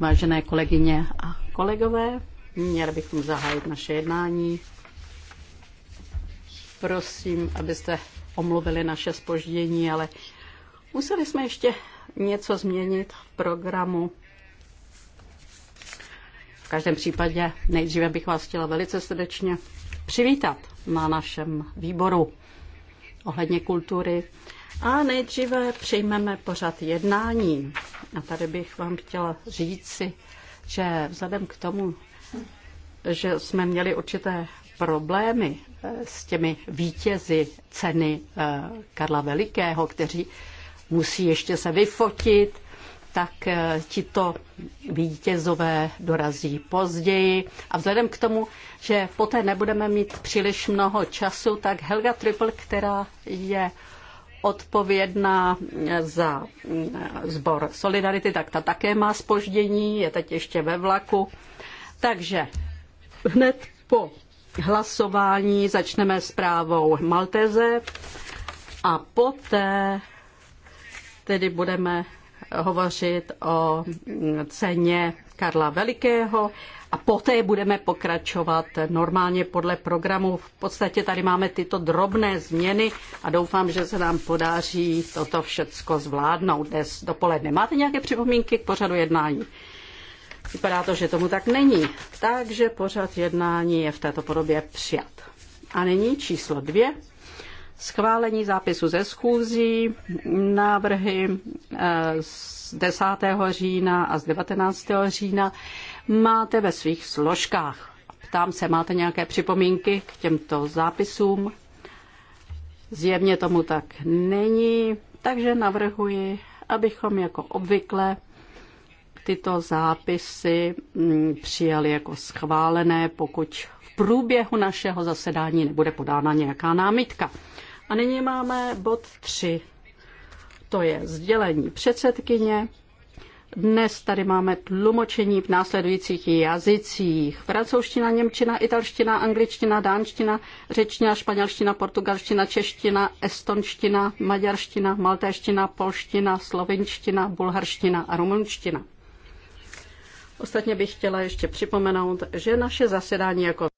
Vážené kolegyně a kolegové, měli bychom zahájit naše jednání. Prosím, abyste omluvili naše spoždění, ale museli jsme ještě něco změnit v programu. V každém případě nejdříve bych vás chtěla velice srdečně přivítat na našem výboru ohledně kultury. A nejdříve přijmeme pořad jednání. A tady bych vám chtěla říci, že vzhledem k tomu, že jsme měli určité problémy eh, s těmi vítězi ceny eh, Karla Velikého, kteří musí ještě se vyfotit, tak eh, tito vítězové dorazí později. A vzhledem k tomu, že poté nebudeme mít příliš mnoho času, tak Helga Triple, která je odpovědná za sbor eh, Solidarity, tak ta také má spoždění, je teď ještě ve vlaku. Takže hned po hlasování začneme s právou Malteze a poté tedy budeme hovořit o ceně Karla Velikého a poté budeme pokračovat normálně podle programu. V podstatě tady máme tyto drobné změny a doufám, že se nám podaří toto všecko zvládnout dnes dopoledne. Máte nějaké připomínky k pořadu jednání? Vypadá to, že tomu tak není. Takže pořad jednání je v této podobě přijat. A nyní číslo dvě. Schválení zápisu ze schůzí, návrhy eh, z 10. října a z 19. října máte ve svých složkách. Ptám se, máte nějaké připomínky k těmto zápisům? Zjevně tomu tak není, takže navrhuji, abychom jako obvykle tyto zápisy mm, přijali jako schválené, pokud v průběhu našeho zasedání nebude podána nějaká námitka. A nyní máme bod 3. To je sdělení předsedkyně. Dnes tady máme tlumočení v následujících jazycích. Francouzština, němčina, italština, angličtina, dánština, řečtina, španělština, portugalština, čeština, estonština, maďarština, maltéština, polština, slovinština, bulharština a rumunština. Ostatně bych chtěla ještě připomenout, že naše zasedání jako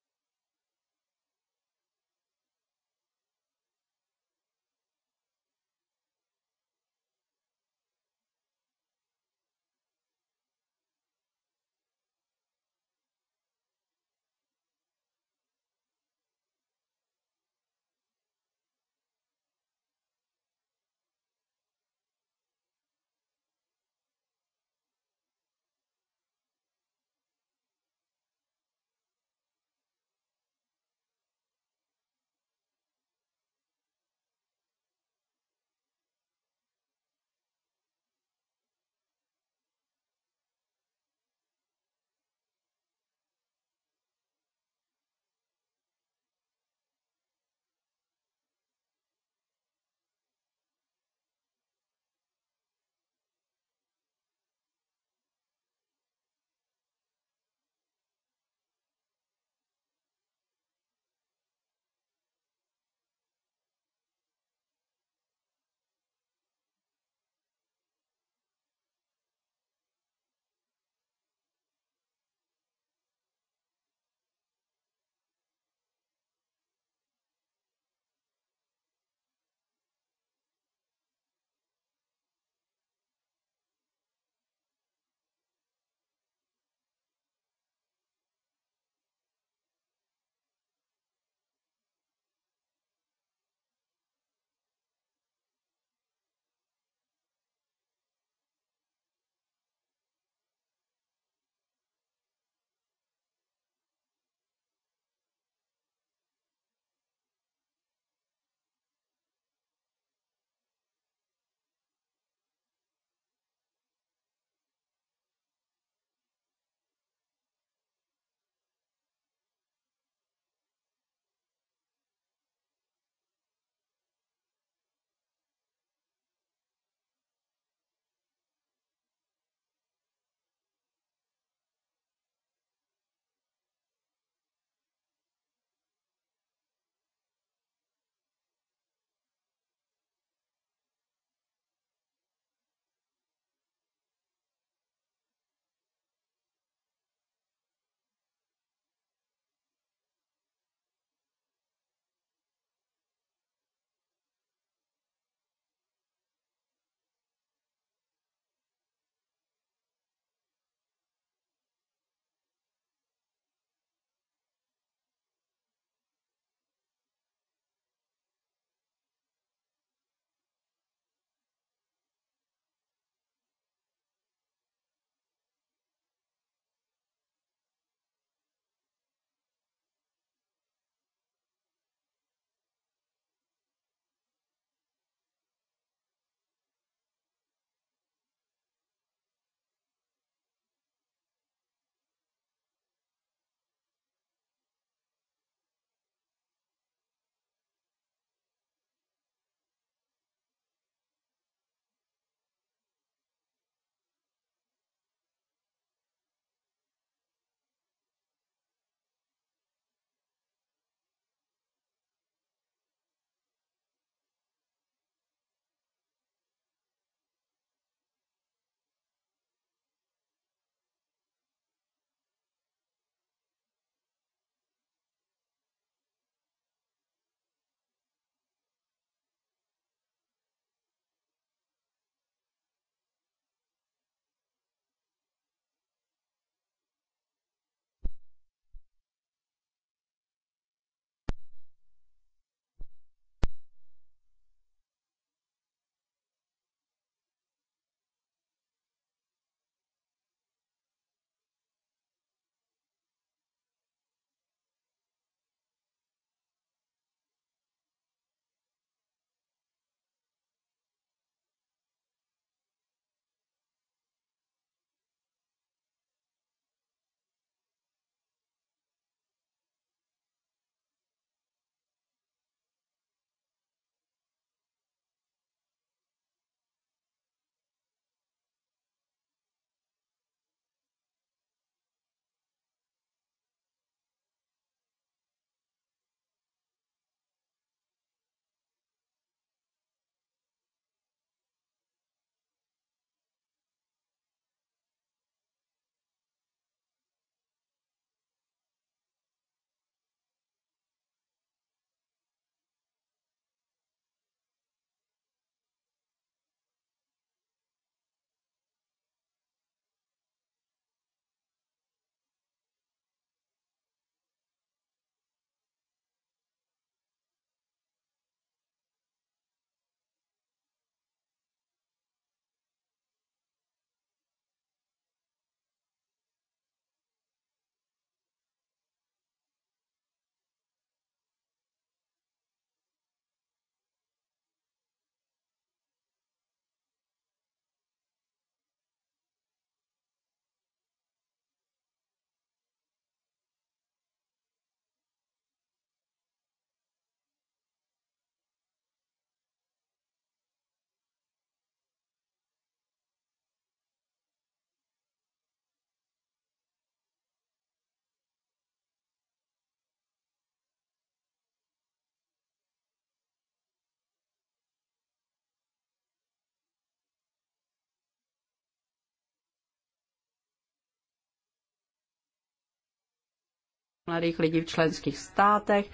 mladých lidí v členských státech.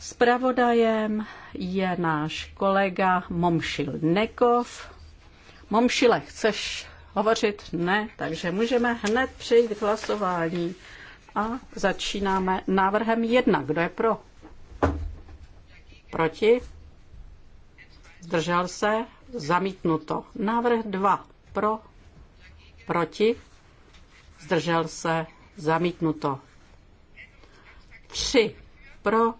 Spravodajem je náš kolega Momšil Nekov. Momšile, chceš hovořit? Ne, takže můžeme hned přejít k hlasování a začínáme návrhem jedna. Kdo je pro? Proti? Zdržel se? Zamítnuto. Návrh dva Pro? Proti? Zdržel se? Zamítnuto. 3 pro,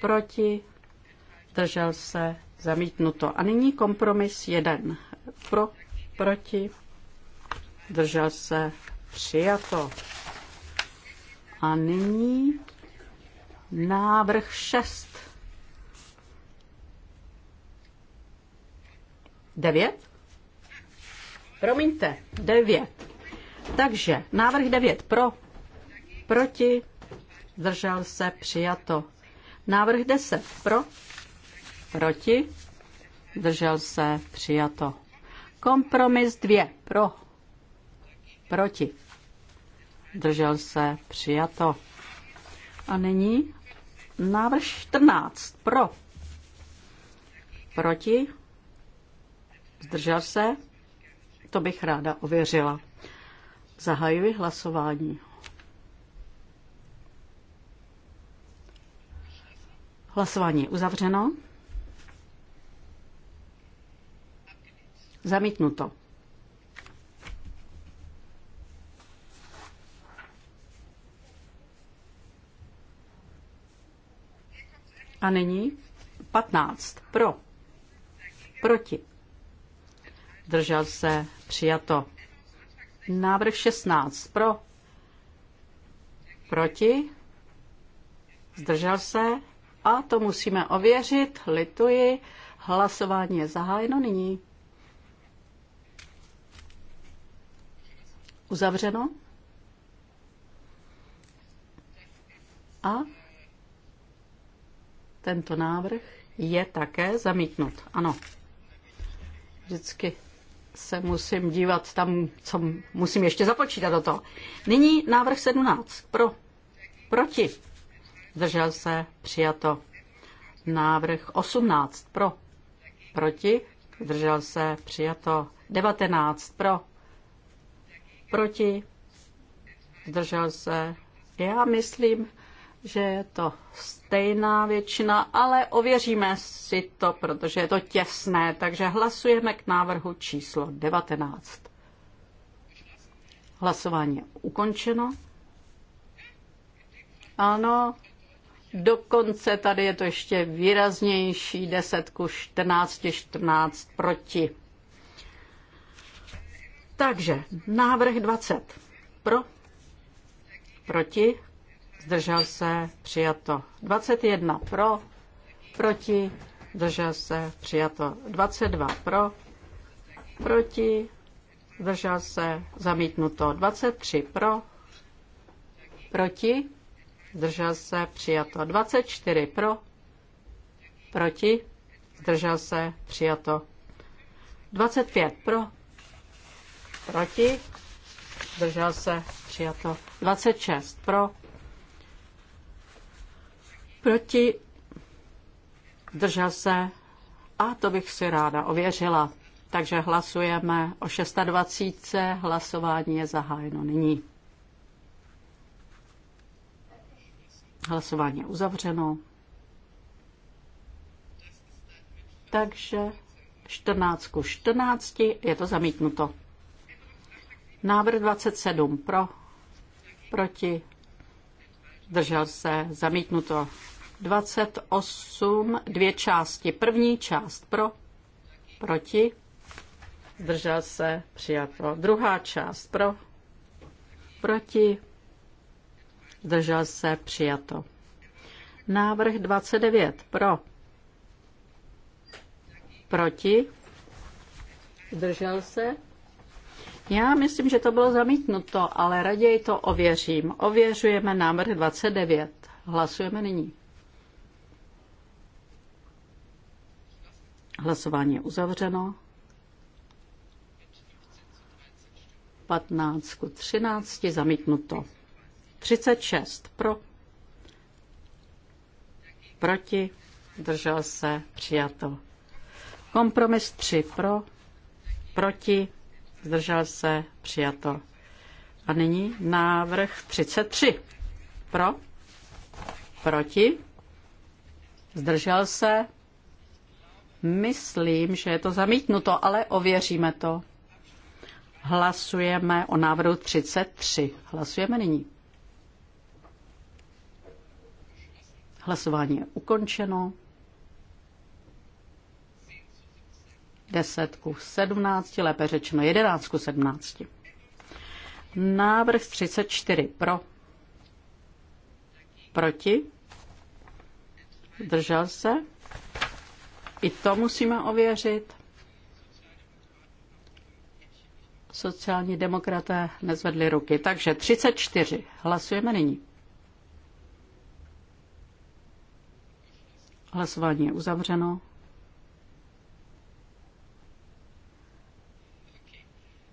proti, držel se, zamítnuto. A nyní kompromis 1 pro, proti, držel se, přijato. A nyní návrh 6. 9? Promiňte, 9. Takže návrh 9 pro, proti, zdržel se, přijato. Návrh 10 pro, proti, zdržel se, přijato. Kompromis 2 pro, proti, zdržel se, přijato. A nyní návrh 14 pro, proti, zdržel se, to bych ráda ověřila. Zahajuji hlasování. Hlasování je uzavřeno. Zamítnuto. A nyní 15. Pro. Proti. Držel se. Přijato. Návrh 16. Pro. Proti. Zdržel se. A to musíme ověřit, lituji. Hlasování je zahájeno nyní. Uzavřeno. A tento návrh je také zamítnut. Ano. Vždycky se musím dívat tam, co musím ještě započítat do toho. Nyní návrh 17. Pro. Proti zdržel se, přijato. Návrh 18 pro, proti, zdržel se, přijato. 19 pro, proti, zdržel se. Já myslím, že je to stejná většina, ale ověříme si to, protože je to těsné, takže hlasujeme k návrhu číslo 19. Hlasování je ukončeno. Ano, Dokonce tady je to ještě výraznější 10 ku 14, 14 proti. Takže návrh 20. Pro, proti, zdržel se, přijato. 21 pro, proti, zdržel se, přijato. 22 pro, proti, zdržel se, zamítnuto. 23 pro, proti, zdržel se, přijato. 24 pro, proti, zdržel se, přijato. 25 pro, proti, zdržel se, přijato. 26 pro, proti, zdržel se, a to bych si ráda ověřila. Takže hlasujeme o 26. Hlasování je zahájeno nyní. Hlasování je uzavřeno. Takže 14 ku 14 je to zamítnuto. Návrh 27 pro, proti, držel se, zamítnuto. 28, dvě části. První část pro, proti, zdržel se, přijato. Druhá část pro, proti, zdržel se, přijato. Návrh 29 pro, proti, zdržel se. Já myslím, že to bylo zamítnuto, ale raději to ověřím. Ověřujeme návrh 29. Hlasujeme nyní. Hlasování je uzavřeno. 15 ku 13 zamítnuto. 36 pro, proti, držel se, přijato. Kompromis 3 pro, proti, zdržel se, přijato. A nyní návrh 33. Pro, proti, zdržel se, myslím, že je to zamítnuto, ale ověříme to. Hlasujeme o návrhu 33. Hlasujeme nyní. Hlasování je ukončeno. 10 ku 17, lépe řečeno 11 ku 17. Návrh 34 pro. Proti. Držel se. I to musíme ověřit. Sociální demokraté nezvedli ruky. Takže 34. Hlasujeme nyní. Hlasování je uzavřeno.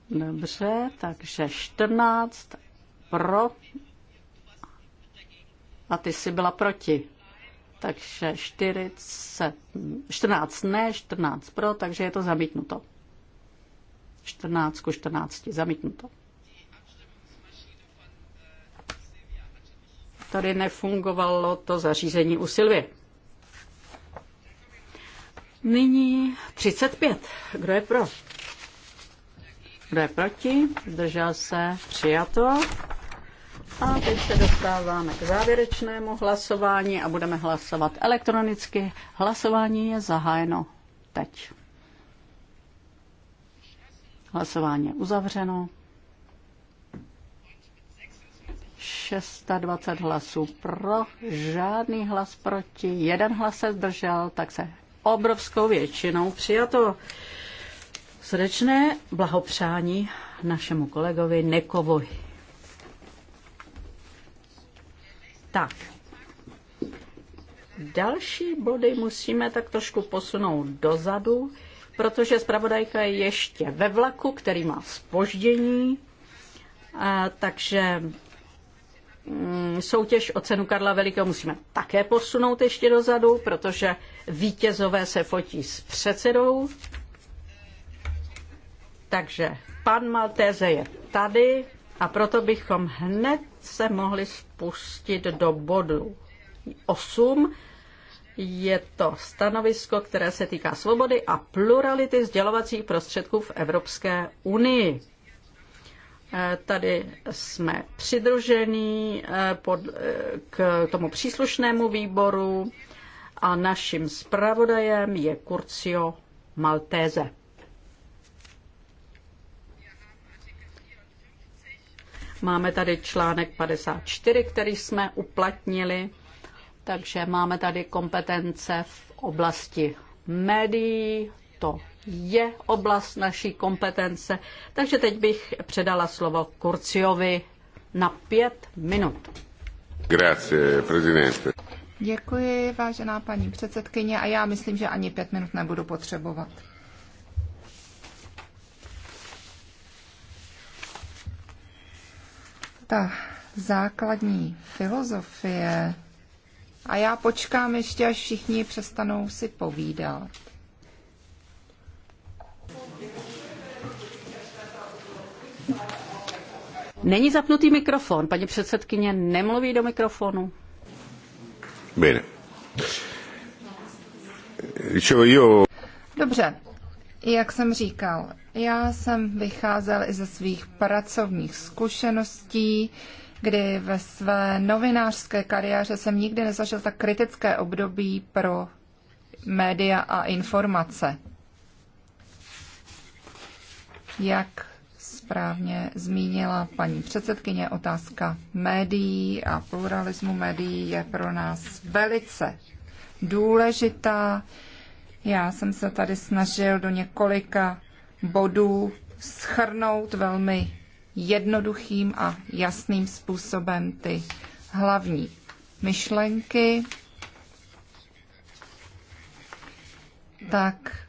Dobře, takže 14 pro a ty jsi byla proti. Takže 40, 14 ne, 14 pro, takže je to zamítnuto. 14 ku 14 zamítnuto. Tady nefungovalo to zařízení u Silvie. Nyní 35. Kdo je pro? Kdo je proti? Zdržel se? Přijato. A teď se dostáváme k závěrečnému hlasování a budeme hlasovat elektronicky. Hlasování je zahájeno teď. Hlasování je uzavřeno. 26 hlasů pro, žádný hlas proti, jeden hlas se zdržel, tak se obrovskou většinou přijato. Srdečné blahopřání našemu kolegovi Nekovovi. Tak. Další body musíme tak trošku posunout dozadu, protože zpravodajka je ještě ve vlaku, který má spoždění. A, takže Mm, soutěž o cenu Karla Velikého musíme také posunout ještě dozadu, protože vítězové se fotí s předsedou. Takže pan Maltéze je tady a proto bychom hned se mohli spustit do bodu 8. Je to stanovisko, které se týká svobody a plurality sdělovacích prostředků v Evropské unii. Eh, tady jsme přidružení eh, pod, eh, k tomu příslušnému výboru a naším zpravodajem je Curcio Maltese. Máme tady článek 54, který jsme uplatnili, takže máme tady kompetence v oblasti médií, to je oblast naší kompetence. Takže teď bych předala slovo Kurciovi na pět minut. Grazie, prezidente. Děkuji, vážená paní předsedkyně, a já myslím, že ani pět minut nebudu potřebovat. Ta základní filozofie, a já počkám ještě, až všichni přestanou si povídat. Není zapnutý mikrofon. Paní předsedkyně nemluví do mikrofonu. Bene. Dobře, jak jsem říkal, já jsem vycházel i ze svých pracovních zkušeností, kdy ve své novinářské kariéře jsem nikdy nezažil tak kritické období pro média a informace. Jak správně zmínila paní předsedkyně, otázka médií a pluralismu médií je pro nás velice důležitá. Já jsem se tady snažil do několika bodů schrnout velmi jednoduchým a jasným způsobem ty hlavní myšlenky, tak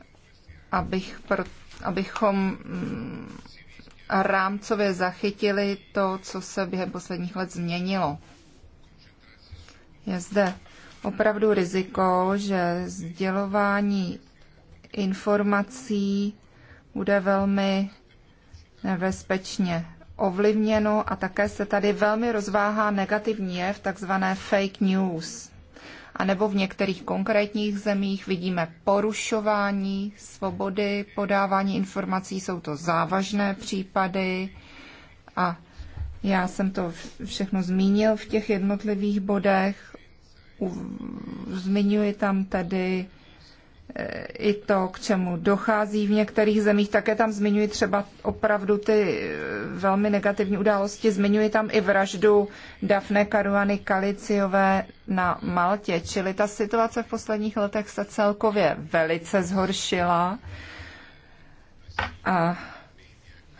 abych pro, abychom mm, rámcově zachytili to, co se během posledních let změnilo. Je zde opravdu riziko, že sdělování informací bude velmi nebezpečně ovlivněno a také se tady velmi rozváhá negativní jev, takzvané fake news anebo v některých konkrétních zemích vidíme porušování svobody podávání informací, jsou to závažné případy a já jsem to všechno zmínil v těch jednotlivých bodech. Zmiňuji tam tedy i to, k čemu dochází v některých zemích. Také tam zmiňuji třeba opravdu ty eh, velmi negativní události. Zmiňuji tam i vraždu Dafne Karuany Kaliciové na Maltě. Čili ta situace v posledních letech se celkově velice zhoršila. A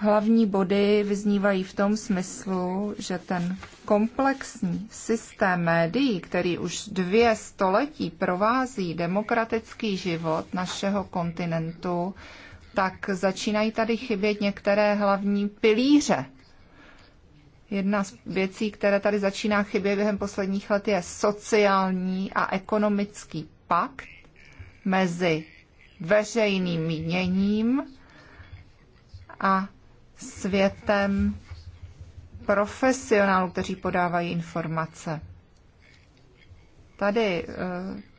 Hlavní body vyznívají v tom smyslu, že ten komplexní systém médií, který už dvě století provází demokratický život našeho kontinentu, tak začínají tady chybět některé hlavní pilíře. Jedna z věcí, které tady začíná chybět během posledních let, je sociální a ekonomický pakt mezi veřejným měním a světem profesionálů, kteří podávají informace. Tady eh,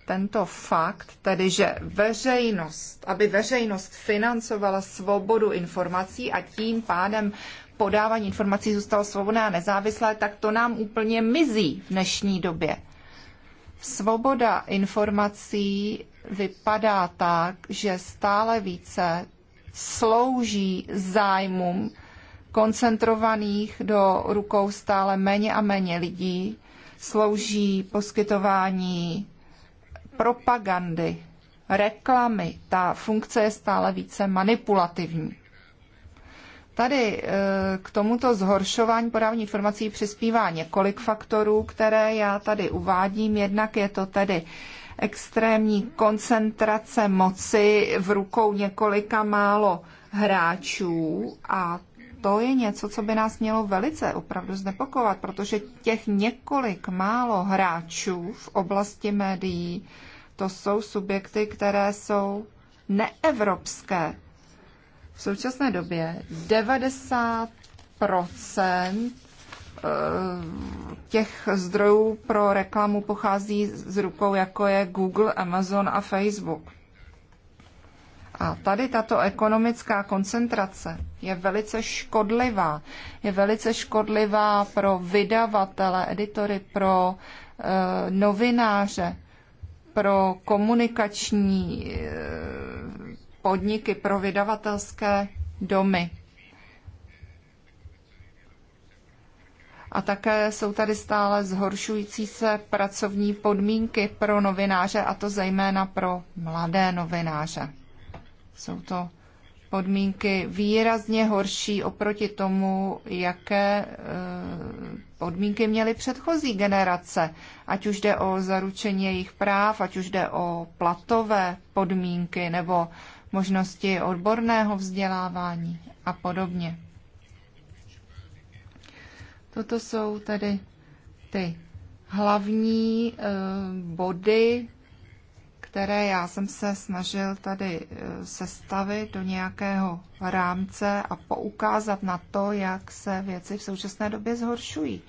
tento fakt, tedy že veřejnost, aby veřejnost financovala svobodu informací a tím pádem podávání informací zůstalo svobodné a nezávislé, tak to nám úplně mizí v dnešní době. Svoboda informací vypadá tak, že stále více slouží zájmům koncentrovaných do rukou stále méně a méně lidí, slouží poskytování propagandy, reklamy. Ta funkce je stále více manipulativní. Tady e, k tomuto zhoršování podávání informací přispívá několik faktorů, které já tady uvádím. Jednak je to tedy extrémní koncentrace moci v rukou několika málo hráčů a to je něco, co by nás mělo velice opravdu znepokovat, protože těch několik málo hráčů v oblasti médií, to jsou subjekty, které jsou neevropské. V současné době 90% Eh, těch zdrojů pro reklamu pochází z rukou, jako je Google, Amazon a Facebook. A tady tato ekonomická koncentrace je velice škodlivá. Je velice škodlivá pro vydavatele, editory, pro e, novináře, pro komunikační e, podniky, pro vydavatelské domy. A také jsou tady stále zhoršující se pracovní podmínky pro novináře, a to zejména pro mladé novináře. Jsou to podmínky výrazně horší oproti tomu, jaké eh, podmínky měly předchozí generace, ať už jde o zaručení jejich práv, ať už jde o platové podmínky nebo možnosti odborného vzdělávání a podobně. Toto jsou tedy ty hlavní eh, body, které já jsem se snažil tady eh, sestavit do nějakého rámce a poukázat na to, jak se věci v současné době zhoršují.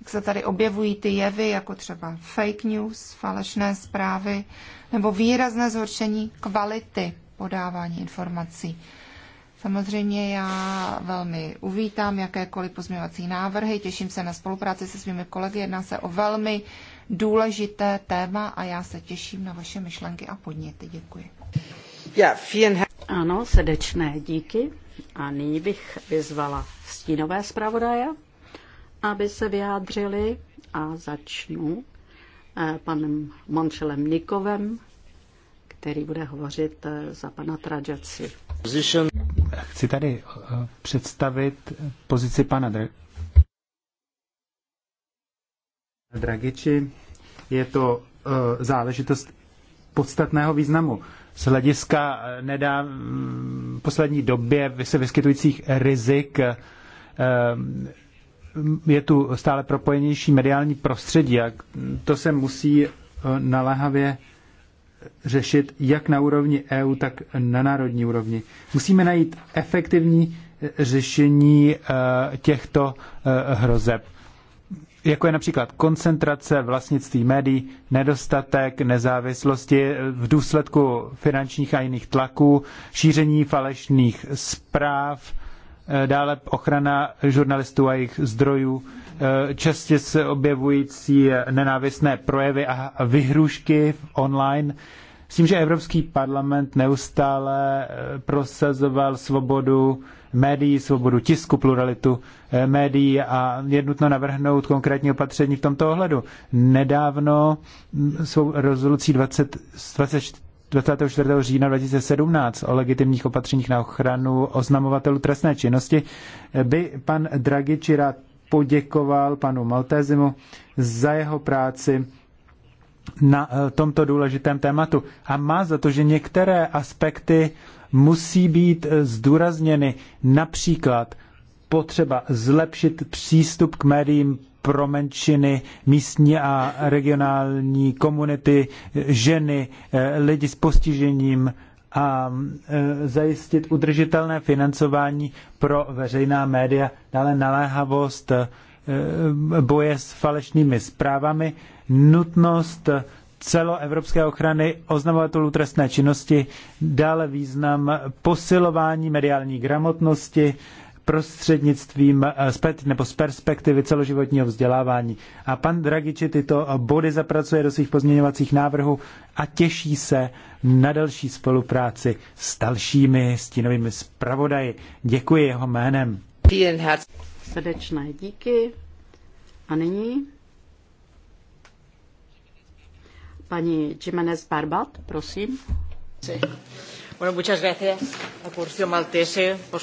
Jak se tady objevují ty jevy, jako třeba fake news, falešné zprávy, nebo výrazné zhoršení kvality podávání informací. Samozřejmě já velmi uvítám jakékoliv pozměňovací návrhy, těším se na spolupráci se svými kolegy, jedná se o velmi důležité téma a já se těším na vaše myšlenky a podněty. Děkuji. ano, srdečné díky. A nyní bych vyzvala stínové zpravodaje, aby se vyjádřili a začnu eh, panem Mončelem Nikovem, který bude hovořit eh, za pana Trajaci chci tady eh, představit pozici pana Dr- Dragiči. Je to eh, záležitost podstatného významu. Z hlediska eh, nedá poslední době se vyskytujících rizik je tu stále propojenější mediální prostředí a to se musí naléhavě řešit jak na úrovni EU, tak na národní úrovni. Musíme najít efektivní eh, řešení eh, těchto eh, hrozeb, jako je například koncentrace vlastnictví médií, nedostatek nezávislosti v důsledku finančních a jiných tlaků, šíření falešných zpráv, dále ochrana žurnalistů a jejich zdrojů, Eh, častě se objevující nenávistné projevy a vyhrušky online. S tím, že Evropský parlament neustále eh, prosazoval svobodu médií, svobodu tisku, pluralitu eh, médií a je nutno navrhnout konkrétní opatření v tomto ohledu. Nedávno mm, svou rezolucí 20, 24 října 2017 o legitimních opatřeních na ochranu oznamovatelů trestné činnosti by pan Draghi či poděkoval panu Maltézimu za jeho práci na eh, tomto důležitém tématu. A má za to, že některé aspekty musí být eh, zdůrazněny, například potřeba zlepšit přístup k médiím pro menšiny, místní a regionální komunity, ženy, eh, lidi s postižením, a e, zajistit udržitelné financování pro veřejná média, dále naléhavost e, boje s falešnými zprávami, nutnost celoevropské ochrany oznamovatelů trestné činnosti, dále význam posilování mediální gramotnosti, prostřednictvím eh, nebo z perspektivy celoživotního vzdělávání. A pan Dragiči tyto body zapracuje do svých pozměňovacích návrhů a těší se na další spolupráci s dalšími stínovými zpravodaji. Děkuji jeho jménem. Srdečné díky. A nyní paní Jiménez Barbat, prosím.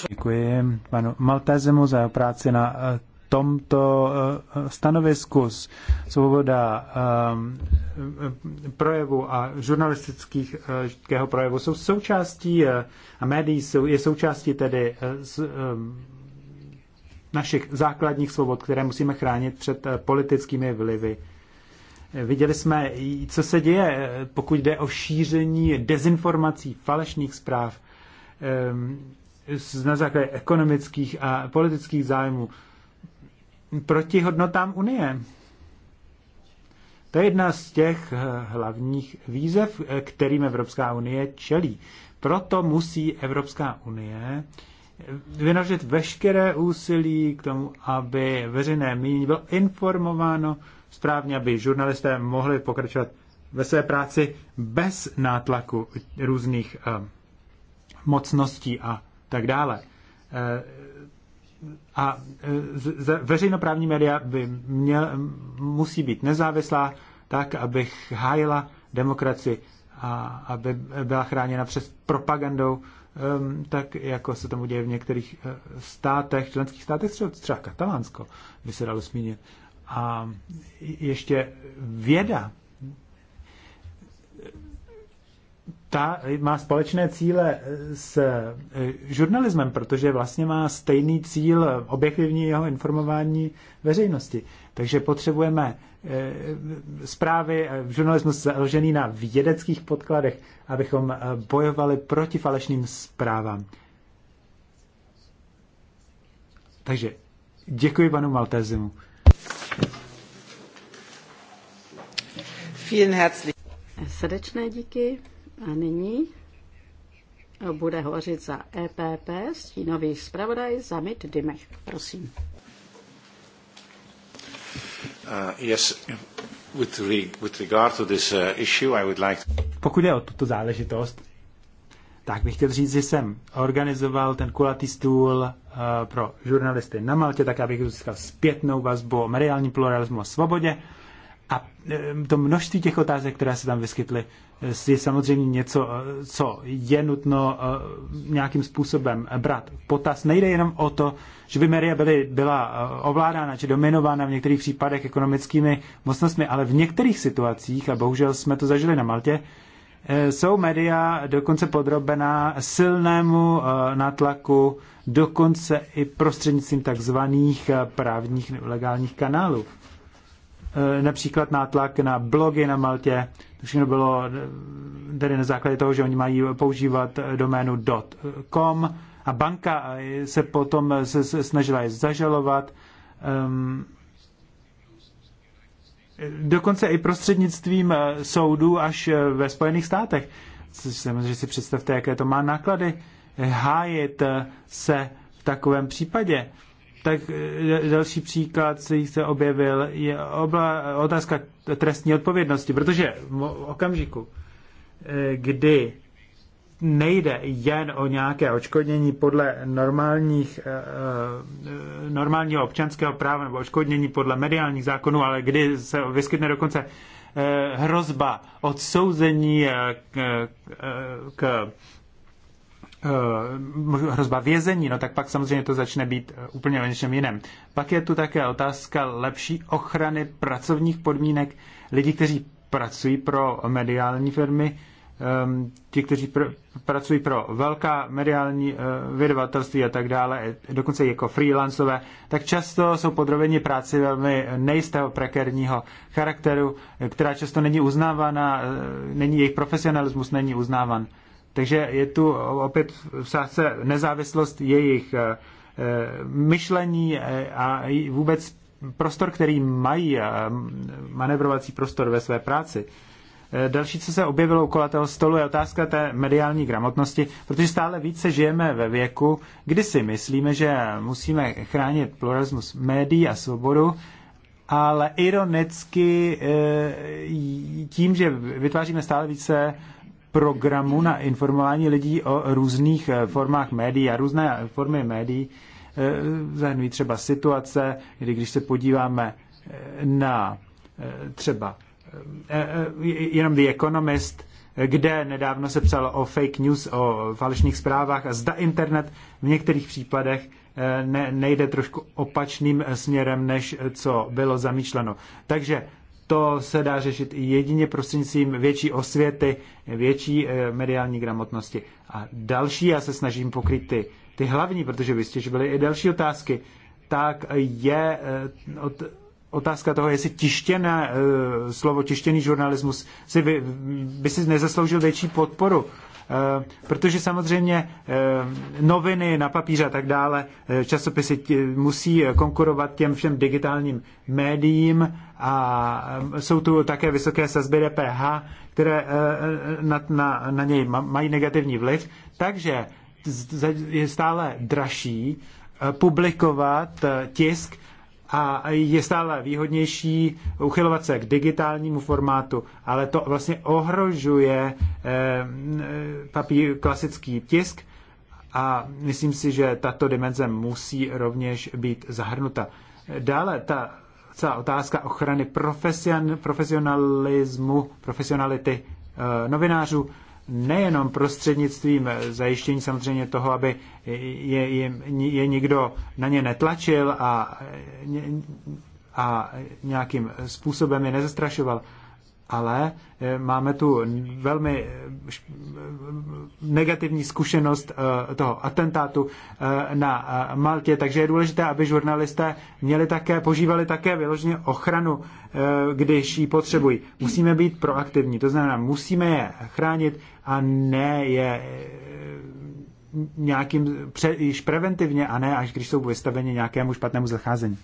Děkuji panu Maltezemu za práci na eh, tomto eh, eh, stanovisku svoboda projevu a žurnalistického projevu jsou součástí a médií jsou, je součástí tedy našich základních svobod, které musíme chránit před politickými vlivy Viděli jsme, co se děje, pokud jde o šíření dezinformací, falešných zpráv ehm, na základě ekonomických a politických zájmů proti hodnotám Unie. To je jedna z těch eh, hlavních výzev, eh, kterým Evropská unie čelí. Proto musí Evropská unie vynaložit veškeré úsilí k tomu, aby veřejné mínění bylo informováno správně, aby žurnalisté mohli pokračovat ve své práci bez nátlaku různých eh, mocností a tak dále. Uh, a eh, z, z, veřejnoprávní média by měl, musí být nezávislá tak, aby hájila demokracii a aby byla chráněna přes propagandou, um, ehm, tak jako se tomu děje v některých eh, státech, členských státech, třeba, třeba Katalánsko, by se dalo zmínit. Uh, a ještě věda, ta má společné cíle s eh, žurnalismem, protože vlastně má stejný cíl objektivního informování veřejnosti. Takže potřebujeme eh, zprávy, eh, žurnalismus založený na vědeckých podkladech, abychom bojovali proti falešným zprávám. Takže děkuji panu Maltézimu. Vielen herzlich. Srdečné díky. A nyní bude hovořit za EPP stínový zpravodaj Zamit Dimech. Prosím. Uh, yes, with, re, with regard to this uh, issue, I would like... Pokud je o tuto záležitost, tak bych chtěl říct, že jsem organizoval ten kulatý stůl uh, pro žurnalisty na Maltě, tak abych získal zpětnou vazbu o mediálním pluralismu a svobodě. Uh, a eh, to množství těch otázek, které se tam vyskytly, eh, je samozřejmě něco, eh, co je nutno nějakým způsobem brát potaz. Nejde jenom o to, že by Maria byly, byla ovládána či dominována v některých případech ekonomickými mocnostmi, ale v některých situacích, a bohužel jsme to zažili na Maltě, jsou média dokonce podrobená silnému nátlaku, dokonce i prostřednictvím takzvaných právních legálních kanálů. E, například nátlak na blogy na Maltě. To všechno bylo e, tedy na základě toho, že oni mají používat e, doménu .com a banka se potom se, snažila je zažalovat. Um, dokonce i prostřednictvím soudů až ve Spojených státech. Což Samozřejmě si představte, jaké to má náklady hájit se v takovém případě. Tak e, další příklad, který se objevil, je obla, otázka trestní odpovědnosti, protože v okamžiku, e, kdy nejde jen o nějaké očkodnění podle normálních, e, normálního občanského práva nebo očkodnění podle mediálních zákonů, ale kdy se vyskytne dokonce hrozba odsouzení k, k Eh, hrozba vězení, no tak pak samozřejmě to začne být eh, úplně o něčem jiném. Pak je tu také otázka lepší ochrany pracovních podmínek lidí, kteří pracují pro mediální firmy, ehm, ti, kteří pr- pracují pro velká mediální eh, vydavatelství a tak dále, dokonce jako freelancové, tak často jsou podrobeni práci velmi nejistého prekérního charakteru, která často není uznávána, není jejich profesionalismus není uznávan. Takže je tu opět v sáce nezávislost jejich eh, eh, myšlení eh, a vůbec prostor, který mají, manevrovací prostor ve své práci. Další, co se objevilo u kolatého stolu, je otázka té mediální gramotnosti, protože stále více žijeme ve věku, kdy si myslíme, že musíme chránit pluralismus médií a svobodu, ale ironicky tím, že vytváříme stále více programu na informování lidí o různých eh, formách médií a různé formy médií eh, zahrnují třeba situace, kdy když se podíváme eh, na třeba jenom The Economist, kde nedávno se psalo o fake news, o falešných zprávách a zda internet v některých případech ne, nejde trošku opačným směrem, než co bylo zamýšleno. Takže to se dá řešit jedině prostřednictvím větší osvěty, větší eh, mediální gramotnosti. A další, já se snažím pokryt ty, ty hlavní, protože vy jste byly i další otázky, tak je eh, od, otázka toho, jestli tištěné eh, slovo, tištěný žurnalismus si by, by si nezasloužil větší podporu Eh, protože samozřejmě eh, noviny na papíře a tak dále, eh, časopisy musí konkurovat těm všem digitálním médiím a jsou tu také vysoké sazby DPH, které na, na, na něj mají negativní vliv, takže je stále dražší publikovat tisk, a je stále výhodnější uchylovat se k digitálnímu formátu, ale to vlastně ohrožuje eh, papír, klasický tisk a myslím si, že tato dimenze musí rovněž být zahrnuta. Dále ta celá otázka ochrany profesionalismu, profesionality eh, novinářů, nejenom prostřednictvím zajištění samozřejmě toho, aby je, je, je nikdo na ně netlačil a, a nějakým způsobem je nezastrašoval, ale eh, máme tu velmi eh, eh, negativní zkušenost toho atentátu na Maltě, takže je důležité, aby žurnalisté měli také, požívali také vyloženě ochranu, když ji potřebují. Musíme být proaktivní, to znamená, musíme je chránit a ne je nějakým pře, již preventivně a ne až když jsou vystaveni nějakému špatnému zacházení.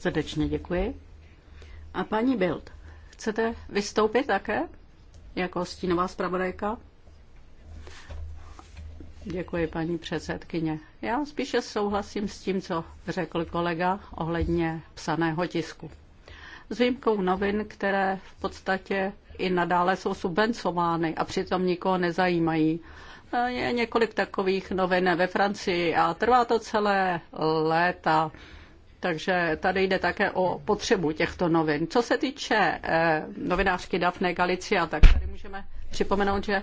Srdečně děkuji. A paní Bild. Chcete vystoupit také jako stínová zpravodajka? Děkuji, paní předsedkyně. Já spíše souhlasím s tím, co řekl kolega ohledně psaného tisku. S výjimkou novin, které v podstatě i nadále jsou subvencovány a přitom nikoho nezajímají. Je několik takových novin ve Francii a trvá to celé léta. Takže tady jde také o potřebu těchto novin. Co se týče eh, novinářky Dafne Galicia, tak tady můžeme připomenout, že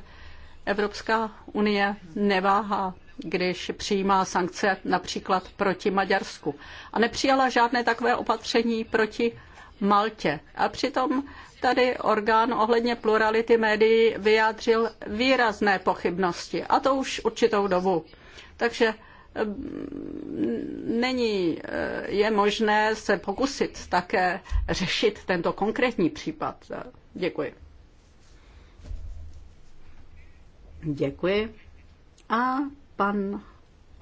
Evropská unie neváhá když přijímá sankce například proti Maďarsku. A nepřijala žádné takové opatření proti Maltě. A přitom tady orgán ohledně plurality médií vyjádřil výrazné pochybnosti. A to už určitou dobu. Takže Ehm, není, eh, je možné se pokusit také řešit tento konkrétní případ. Děkuji. Děkuji. A pan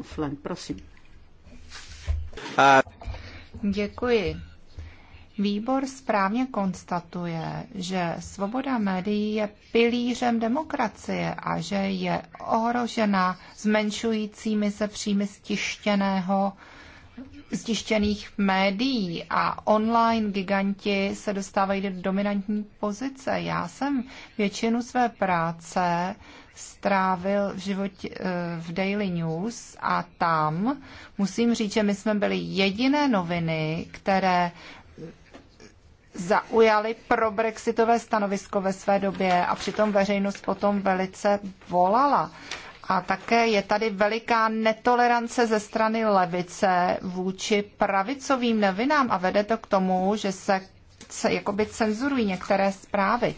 Flen, prosím. Děkuji. Výbor správně konstatuje, že svoboda médií je pilířem demokracie a že je ohrožena zmenšujícími se příjmy stištěného ztištěných médií a online giganti se dostávají do dominantní pozice. Já jsem většinu své práce strávil v, životě, eh, v Daily News a tam musím říct, že my jsme byli jediné noviny, které zaujali pro brexitové stanovisko ve své době a přitom veřejnost potom velice volala. A také je tady veliká netolerance ze strany levice vůči pravicovým novinám a vede to k tomu, že se, se jakoby cenzurují některé zprávy.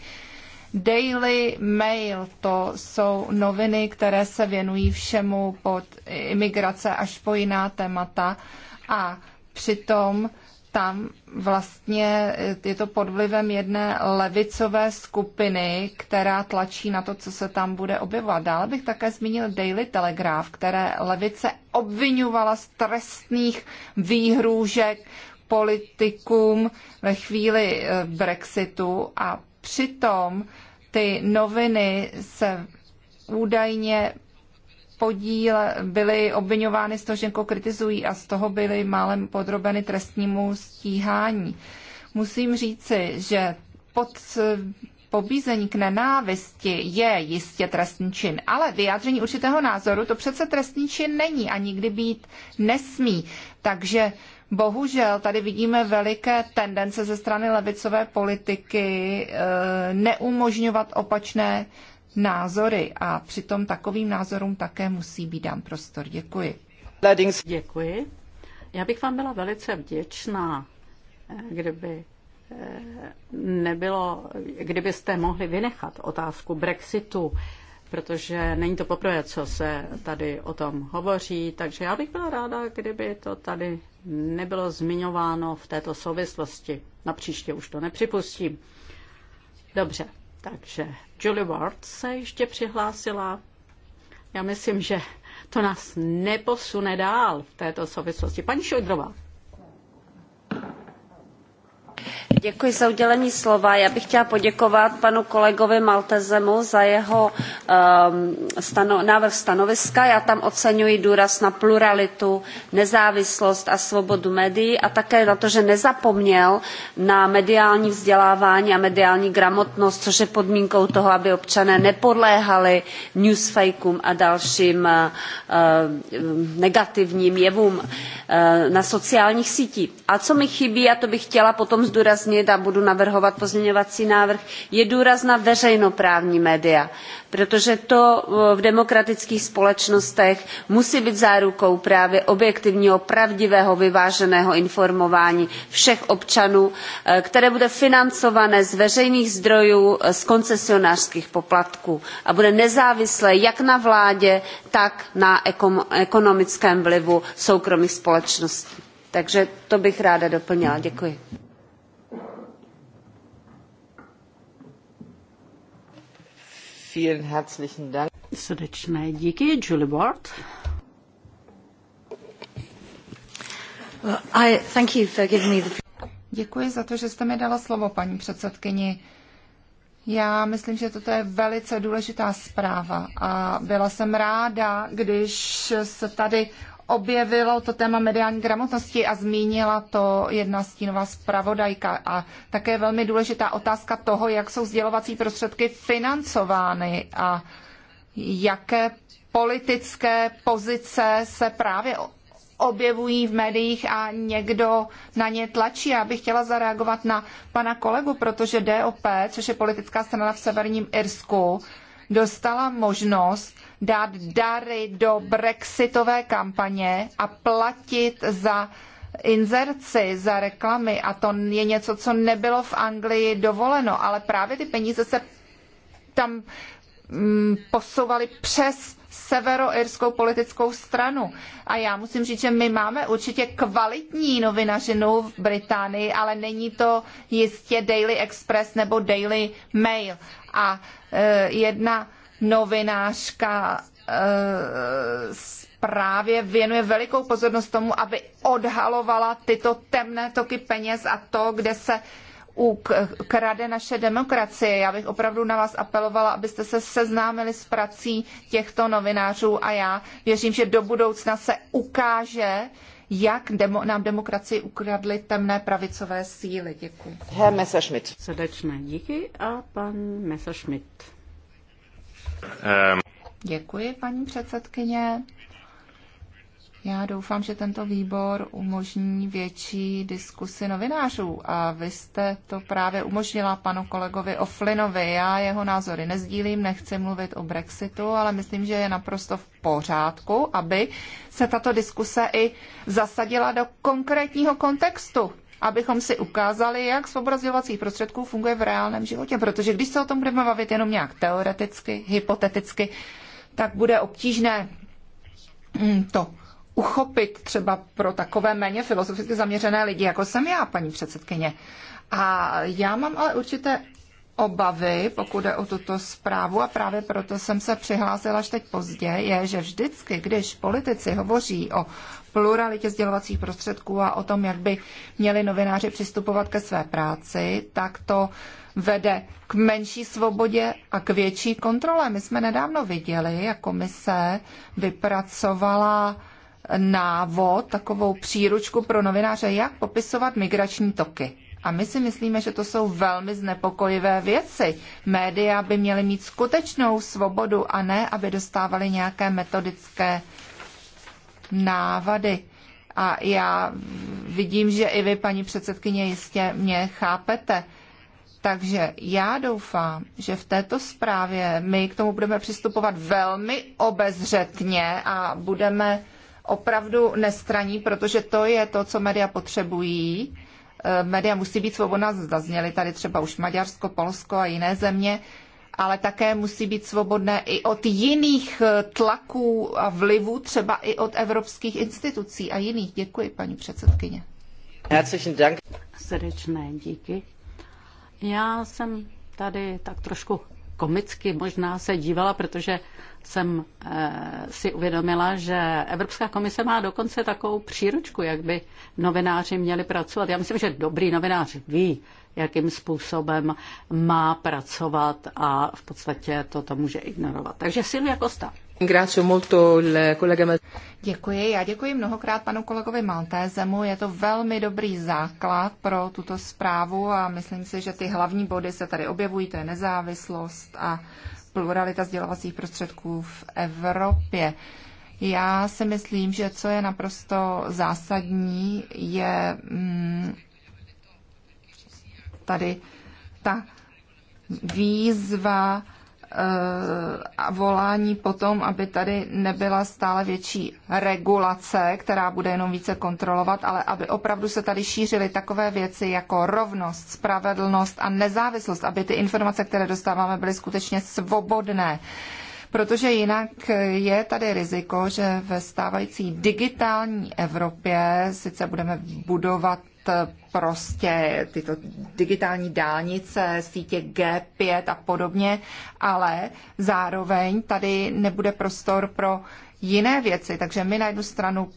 Daily Mail to jsou noviny, které se věnují všemu pod imigrace až po jiná témata a přitom tam vlastně je to pod vlivem jedné levicové skupiny, která tlačí na to, co se tam bude objevovat. Dále bych také zmínil Daily Telegraph, které levice obvinovala z trestných výhrůžek politikům ve chvíli e, Brexitu a přitom ty noviny se údajně podíl byly obvinovány z toho, že kritizují a z toho byly málem podrobeny trestnímu stíhání. Musím říci, že pod pobízení k nenávisti je jistě trestný čin, ale vyjádření určitého názoru to přece trestný čin není a nikdy být nesmí. Takže bohužel tady vidíme veliké tendence ze strany levicové politiky eh, neumožňovat opačné názory a přitom takovým názorům také musí být dán prostor. Děkuji. Děkuji. Já bych vám byla velice vděčná, eh, kdyby eh, nebylo, kdybyste mohli vynechat otázku Brexitu, protože není to poprvé, co se tady o tom hovoří, takže já bych byla ráda, kdyby to tady nebylo zmiňováno v této souvislosti. Napříště už to nepřipustím. Dobře, takže Julie Ward se ještě přihlásila. Já myslím, že to nás neposune dál v této souvislosti. Paní Šojdrová. Děkuji za udělení slova. Já bych chtěla poděkovat panu kolegovi Maltezemu za jeho um, stano, návrh stanoviska. Já tam oceňuji důraz na pluralitu, nezávislost a svobodu médií a také na to, že nezapomněl na mediální vzdělávání a mediální gramotnost, což je podmínkou toho, aby občané nepodléhali newsfakeům a dalším uh, negativním jevům uh, na sociálních sítích. A co mi chybí, a to bych chtěla potom zdůraznit, zdůraznit a budu navrhovat pozměňovací návrh je důraz na veřejnoprávní média protože to eh, v demokratických společnostech musí být zárukou právě objektivního pravdivého vyváženého informování všech občanů eh, které bude financované z veřejných zdrojů eh, z koncesionářských poplatků a bude nezávislé jak na vládě tak na ekonomickém vlivu soukromých společností. takže to bych ráda doplnila. děkuji. Vielen herzlichen Dank. Srdečné díky, Julie Ward. Well, uh, I thank you for giving me the... Děkuji za to, že jste mi dala slovo, paní předsedkyni. Já myslím, že toto je velice důležitá zpráva a byla jsem ráda, když se tady objevilo to téma mediální gramotnosti a zmínila to jedna stínová zpravodajka. A také velmi důležitá otázka toho, jak jsou sdělovací prostředky financovány a jaké politické pozice se právě objevují v médiích a někdo na ně tlačí. Já bych chtěla zareagovat na pana kolegu, protože DOP, což je politická strana v severním Irsku, dostala možnost dát dary do brexitové kampaně a platit za inzerci, za reklamy a to je něco, co nebylo v Anglii dovoleno, ale právě ty peníze se tam mm, posouvaly přes severoirskou politickou stranu. A já musím říct, že my máme určitě kvalitní novinařinu v Británii, ale není to jistě Daily Express nebo Daily Mail. A e, jedna novinářka eh, právě věnuje velikou pozornost tomu, aby odhalovala tyto temné toky peněz a to, kde se krade naše demokracie. Já bych opravdu na vás apelovala, abyste se seznámili s prací těchto novinářů a já věřím, že do budoucna se ukáže, jak demo, nám demokracii ukradly temné pravicové síly. Děkuji. Herr Messerschmidt. Srdečné díky a pan Messerschmidt. Ehm. Děkuji, paní předsedkyně. Já doufám, že tento výbor umožní větší diskusy novinářů a vy jste to právě umožnila panu kolegovi Oflinovi. Já jeho názory nezdílím, nechci mluvit o Brexitu, ale myslím, že je naprosto v pořádku, aby se tato diskuse i zasadila do konkrétního kontextu abychom si ukázali, jak svoboda sdělovacích prostředků funguje v reálném životě. Protože když se o tom budeme bavit jenom nějak teoreticky, hypoteticky, tak bude obtížné mm, to uchopit třeba pro takové méně filozoficky zaměřené lidi, jako jsem já, paní předsedkyně. A já mám ale určité obavy, pokud je o tuto zprávu a právě proto jsem se přihlásila až teď pozdě, je, že vždycky, když politici hovoří o pluralitě sdělovacích prostředků a o tom, jak by měli novináři přistupovat ke své práci, tak to vede k menší svobodě a k větší kontrole. My jsme nedávno viděli, jak komise vypracovala návod, takovou příručku pro novináře, jak popisovat migrační toky. A my si myslíme, že to jsou velmi znepokojivé věci. Média by měly mít skutečnou svobodu a ne, aby dostávali nějaké metodické návady. A já vidím, že i vy, paní předsedkyně, jistě mě chápete. Takže já doufám, že v této zprávě my k tomu budeme přistupovat velmi obezřetně a budeme opravdu nestraní, protože to je to, co média potřebují Eh, média musí být svobodná, zazněly tady třeba už Maďarsko, Polsko a jiné země, ale také musí být svobodné i od jiných eh, tlaků a vlivů, třeba i od evropských institucí a jiných. Děkuji, paní předsedkyně. Herzlichen Dank. Srdečné díky. Já jsem tady tak trošku komicky možná se dívala, protože jsem eh, si uvědomila, že Evropská komise má dokonce takovou příručku, jak by novináři měli pracovat. Já myslím, že dobrý novinář ví, jakým způsobem má pracovat a v podstatě toto může ignorovat. Takže Silvia Costa. Děkuji, já děkuji mnohokrát panu kolegovi Maltézemu. Je to velmi dobrý základ pro tuto zprávu a myslím si, že ty hlavní body se tady objevují, to je nezávislost a pluralita sdělovacích prostředků v Evropě. Já si myslím, že co je naprosto zásadní, je mm, tady ta výzva Eh, a volání potom, aby tady nebyla stále větší regulace, která bude jenom více kontrolovat, ale aby opravdu se tady šířily takové věci jako rovnost, spravedlnost a nezávislost, aby ty informace, které dostáváme, byly skutečně svobodné. Protože jinak je tady riziko, že ve stávající digitální Evropě sice budeme budovat prostě tyto digitální dálnice, sítě G5 a podobně, ale zároveň tady nebude prostor pro jiné věci. Takže my na jednu stranu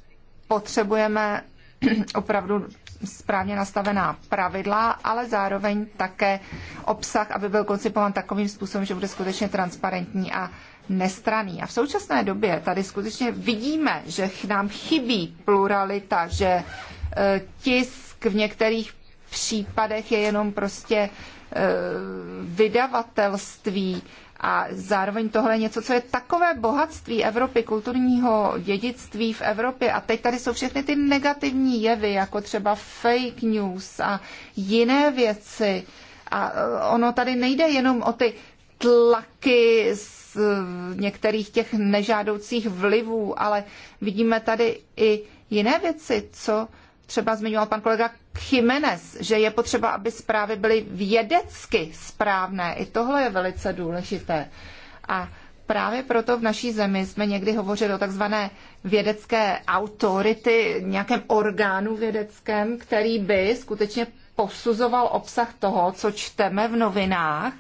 potřebujeme opravdu správně nastavená pravidla, ale zároveň také obsah, aby byl koncipován takovým způsobem, že bude skutečně transparentní a nestraný. A v současné době tady skutečně vidíme, že nám chybí pluralita, že eh, tis v některých případech je jenom prostě e, vydavatelství a zároveň tohle je něco, co je takové bohatství Evropy, kulturního dědictví v Evropě. A teď tady jsou všechny ty negativní jevy, jako třeba fake news a jiné věci. A e, ono tady nejde jenom o ty tlaky z e, některých těch nežádoucích vlivů, ale vidíme tady i jiné věci, co třeba zmiňoval pan kolega Jiménez, že je potřeba, aby zprávy byly vědecky správné. I tohle je velice důležité. A právě proto v naší zemi jsme někdy hovořili o takzvané vědecké autority, nějakém orgánu vědeckém, který by skutečně posuzoval obsah toho, co čteme v novinách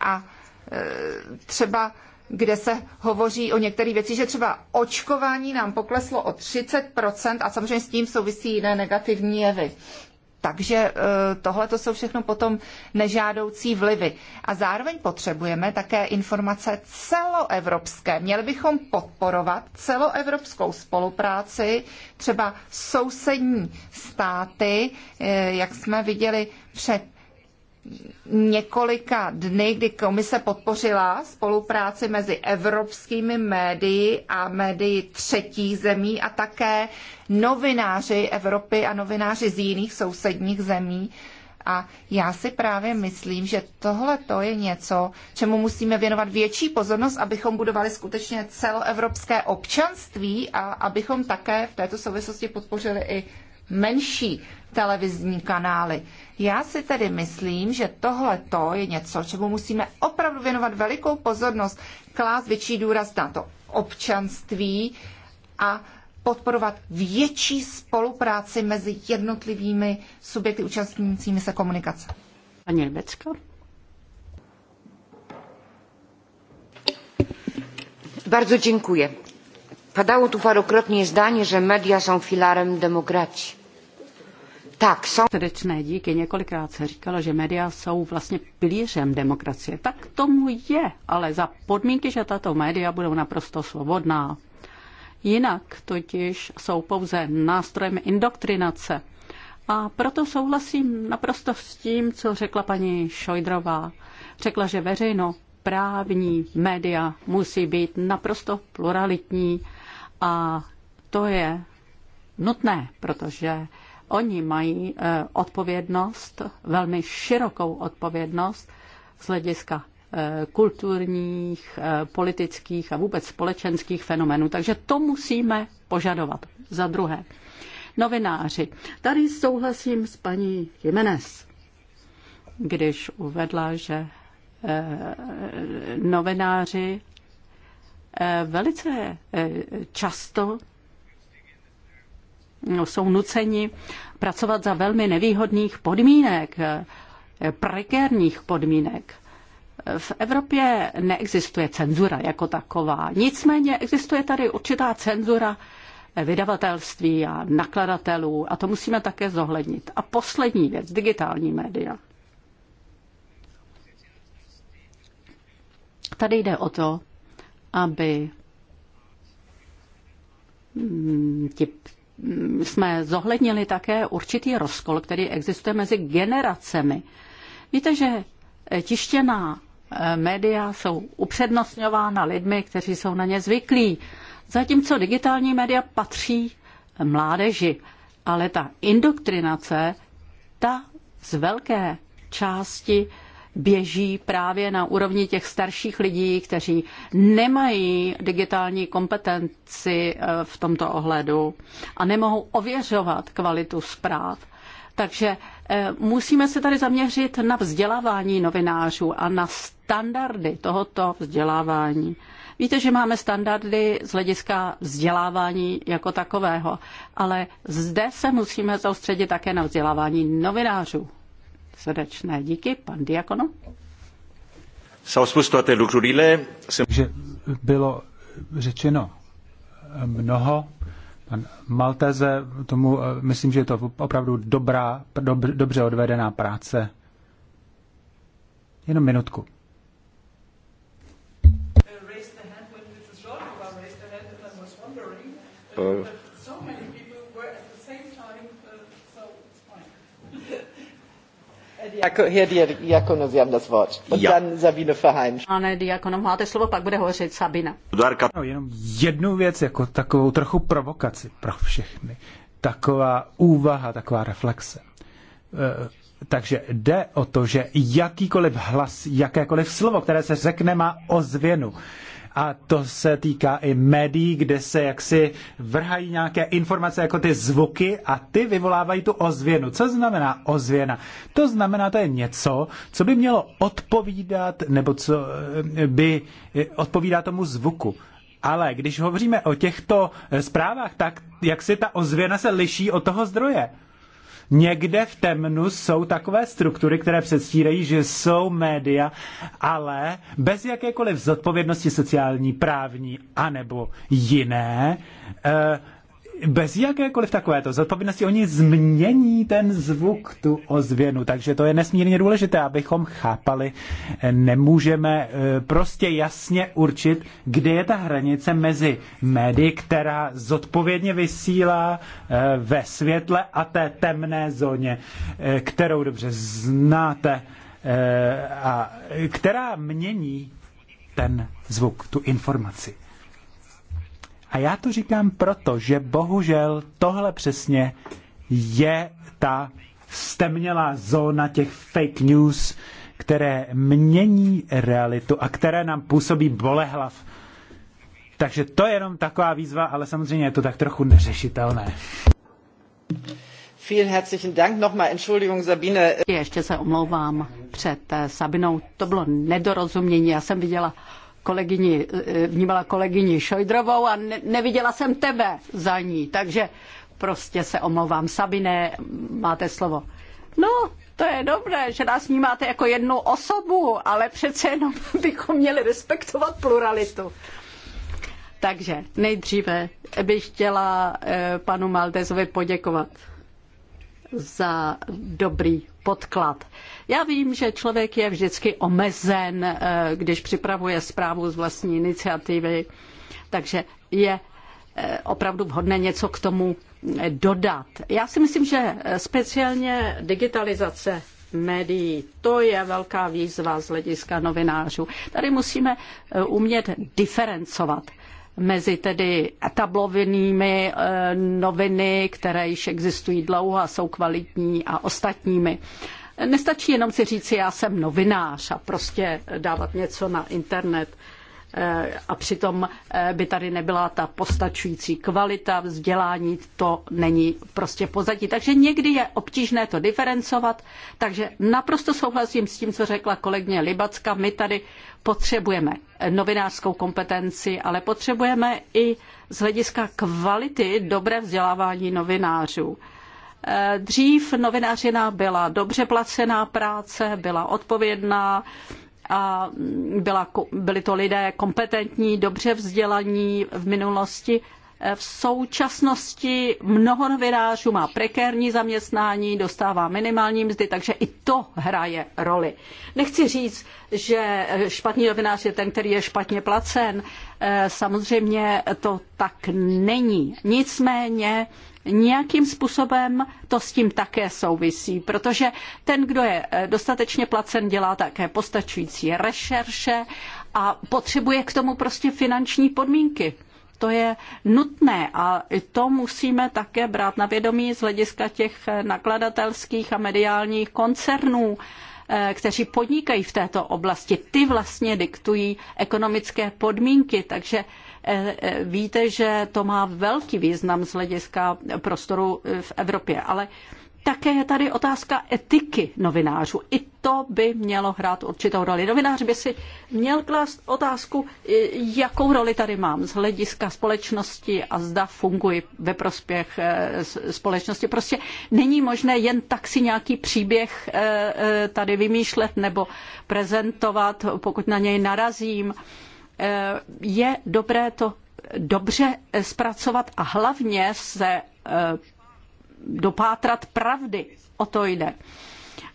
a e, třeba kde se hovoří o některých věcích, že třeba očkování nám pokleslo o 30% a samozřejmě s tím souvisí jiné negativní jevy. Takže eh, tohle to jsou všechno potom nežádoucí vlivy. A zároveň potřebujeme také informace celoevropské. Měli bychom podporovat celoevropskou spolupráci, třeba sousední státy, eh, jak jsme viděli před několika dny, kdy komise podpořila spolupráci mezi evropskými médii a médii třetích zemí a také novináři Evropy a novináři z jiných sousedních zemí. A já si právě myslím, že tohle to je něco, čemu musíme věnovat větší pozornost, abychom budovali skutečně celoevropské občanství a abychom také v této souvislosti podpořili i menší televizní kanály. Já si tedy myslím, že tohle to je něco, čemu musíme opravdu věnovat velikou pozornost, klást větší důraz na to občanství a podporovat větší spolupráci mezi jednotlivými subjekty účastnícími se komunikace. Paní Rybecka? Bardzo dziękuję Padało tu parokrotnie zdanie, že média jsou filarem demokracie. Tak, jsou... Srdečné díky. Několikrát se říkalo, že média jsou vlastně pilířem demokracie. Tak tomu je, ale za podmínky, že tato média budou naprosto svobodná. Jinak totiž jsou pouze nástrojem indoktrinace. A proto souhlasím naprosto s tím, co řekla paní Šojdrová. Řekla, že veřejno právní média musí být naprosto pluralitní a to je nutné, protože oni mají eh, odpovědnost, velmi širokou odpovědnost z hlediska eh, kulturních, eh, politických a vůbec společenských fenomenů. Takže to musíme požadovat. Za druhé, novináři. Tady souhlasím s paní Jimenez, když uvedla, že novináři Eh, velice eh, často no, jsou nuceni pracovat za velmi nevýhodných podmínek, eh, prekérních podmínek. V Evropě neexistuje cenzura jako taková. Nicméně existuje tady určitá cenzura vydavatelství a nakladatelů a to musíme také zohlednit. A poslední věc, digitální média. Tady jde o to, aby mm, ti mm, jsme zohlednili také určitý rozkol, který existuje mezi generacemi. Víte, že tištěná eh, média jsou upřednostňována lidmi, kteří jsou na ně zvyklí, zatímco digitální média patří mládeži. Ale ta indoktrinace, ta z velké části běží právě na úrovni těch starších lidí, kteří nemají digitální kompetenci eh, v tomto ohledu a nemohou ověřovat kvalitu zpráv. Takže eh, musíme se tady zaměřit na vzdělávání novinářů a na standardy tohoto vzdělávání. Víte, že máme standardy z hlediska vzdělávání jako takového, ale zde se musíme soustředit také na vzdělávání novinářů. Srdečné díky, pan Diakono. s Že bylo řečeno mnoho. Pan Malteze, tomu eh, myslím, že je to opravdu dobrá, dob, dobře odvedená práce. Jenom minutku. Uh. Jako, Herr Diakono, Sie haben das Wort. Und ja. dann Sabine Verheim. Pane Diakono, máte slovo, pak bude hovořit Sabina. No, jenom jednu věc, jako takovou trochu provokaci pro všechny. Taková úvaha, taková reflexe. E, takže jde o to, že jakýkoliv hlas, jakékoliv slovo, které se řekne, má ozvěnu a to se týká i médií, kde se jaksi vrhají nějaké informace jako ty zvuky a ty vyvolávají tu ozvěnu. Co znamená ozvěna? To znamená, to je něco, co by mělo odpovídat, nebo co eh, by eh, odpovídá tomu zvuku. Ale když hovoříme o těchto eh, zprávách, tak jak si ta ozvěna se liší od toho zdroje. Někde v temnu jsou takové struktury, které předstírají, že jsou média, ale bez jakékoliv zodpovědnosti sociální, právní anebo jiné, eh, bez jakékoliv takovéto zodpovědnosti oni změní ten zvuk, tu ozvěnu. Takže to je nesmírně důležité, abychom chápali. Eh, nemůžeme eh, prostě jasně určit, kde je ta hranice mezi médií, která zodpovědně vysílá eh, ve světle a té temné zóně, kterou dobře znáte a která mění ten zvuk, tu informaci. A já to říkám proto, že bohužel tohle přesně je ta stemnělá zóna těch fake news, které mění realitu a které nám působí bolehlav. Takže to je jenom taková výzva, ale samozřejmě je to tak trochu neřešitelné. Vielen herzlichen Dank nochmal. Entschuldigung, Sabine. Ještě se omlouvám před eh, Sabinou. To bylo nedorozumění. Já jsem viděla kolegyni, eh, vnímala kolegyni Šojdrovou a ne, neviděla jsem tebe za ní, takže prostě se omlouvám. Sabine, máte slovo. No, to je dobré, že nás vnímáte jako jednu osobu, ale přece jenom bychom měli respektovat pluralitu. Takže nejdříve bych chtěla eh, panu Maltezovi poděkovat za dobrý podklad. Já vím, že člověk je vždycky omezen, eh, když připravuje zprávu z vlastní iniciativy, takže je eh, opravdu vhodné něco k tomu eh, dodat. Já si myslím, že speciálně digitalizace médií, to je velká výzva z hlediska novinářů. Tady musíme umět diferencovat mezi tedy tablovinými eh, noviny, které již existují dlouho a jsou kvalitní a ostatními. Nestačí jenom si říci, já jsem novinář a prostě dávat něco na internet. Eh, a přitom eh, by tady nebyla ta postačující kvalita vzdělání, to není prostě pozadí. Takže někdy je obtížné to diferencovat, takže naprosto souhlasím s tím, co řekla kolegyně Libacka. My tady potřebujeme novinářskou kompetenci, ale potřebujeme i z hlediska kvality dobré vzdělávání novinářů. Eh, dřív novinářina byla dobře placená práce, byla odpovědná, a byla, byli to lidé kompetentní, dobře vzdělaní v minulosti. E, v současnosti mnoho novinářů má prekérní zaměstnání, dostává minimální mzdy, takže i to hraje roli. Nechci říct, že e, špatný novinář je ten, který je špatně placen. E, samozřejmě to tak není. Nicméně Nějakým způsobem to s tím také souvisí, protože ten, kdo je eh, dostatečně placen, dělá také postačující rešerše a potřebuje k tomu prostě finanční podmínky to je nutné a to musíme také brát na vědomí z hlediska těch eh, nakladatelských a mediálních koncernů, eh, kteří podnikají v této oblasti. Ty vlastně diktují ekonomické podmínky, takže Eh, eh, víte, že to má velký význam z hlediska prostoru eh, v Evropě, ale také je tady otázka etiky novinářů. I to by mělo hrát určitou roli. Novinář by si měl klást otázku, jakou roli tady mám z hlediska společnosti a zda funguji ve prospěch společnosti. Prostě není možné jen tak si nějaký příběh tady vymýšlet nebo prezentovat, pokud na něj narazím Eh, je dobré to dobře zpracovat a hlavně se eh, dopátrat pravdy. O to jde.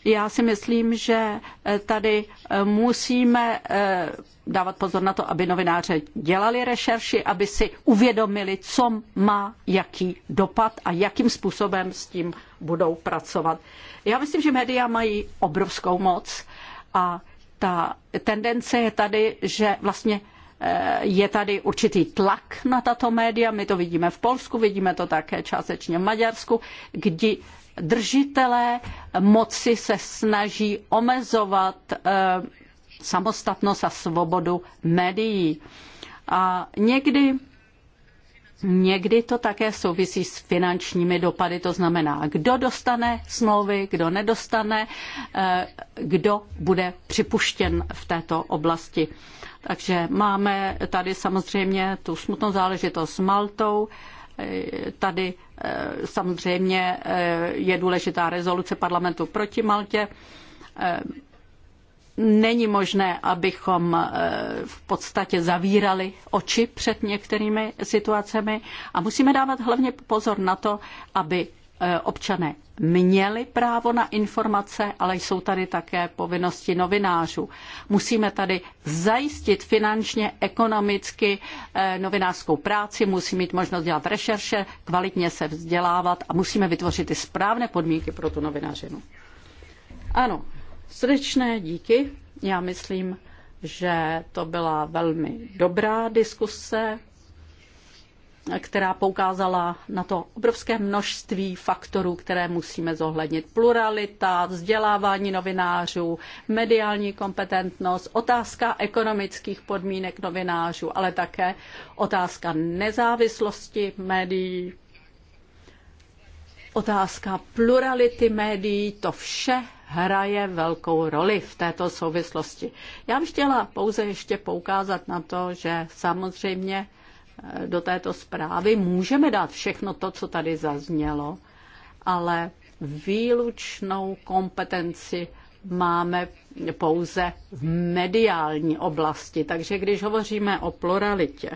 Já si myslím, že eh, tady musíme dávat pozor na to, aby novináře dělali rešerši, aby si uvědomili, co má jaký dopad a jakým způsobem s tím budou pracovat. Já myslím, že média mají obrovskou moc a ta tendence je tady, že vlastně eh, je tady určitý tlak na tato média. My to vidíme v Polsku, vidíme to také částečně v Maďarsku, kdy držitelé moci se snaží omezovat eh, samostatnost a svobodu médií. A někdy Někdy to také souvisí s finančními dopady, to znamená, kdo dostane smlouvy, kdo nedostane, eh, kdo bude připuštěn v této oblasti. Takže máme tady samozřejmě tu smutnou záležitost s Maltou. Eh, tady eh, samozřejmě je důležitá rezoluce parlamentu proti Maltě není možné, abychom eh, v podstatě zavírali oči před některými situacemi a musíme dávat hlavně pozor na to, aby eh, občané měli právo na informace, ale jsou tady také povinnosti novinářů. Musíme tady zajistit finančně, ekonomicky eh, novinářskou práci, musí mít možnost dělat rešerše, kvalitně se vzdělávat a musíme vytvořit i správné podmínky pro tu novinařinu. Ano, Srdečné díky. Já myslím, že to byla velmi dobrá diskuse, která poukázala na to obrovské množství faktorů, které musíme zohlednit. Pluralita, vzdělávání novinářů, mediální kompetentnost, otázka ekonomických podmínek novinářů, ale také otázka nezávislosti médií, otázka plurality médií, to vše hraje velkou roli v této souvislosti. Já bych chtěla pouze ještě poukázat na to, že samozřejmě eh, do této zprávy můžeme dát všechno to, co tady zaznělo, ale výlučnou kompetenci máme pouze v mediální oblasti. Takže když hovoříme o pluralitě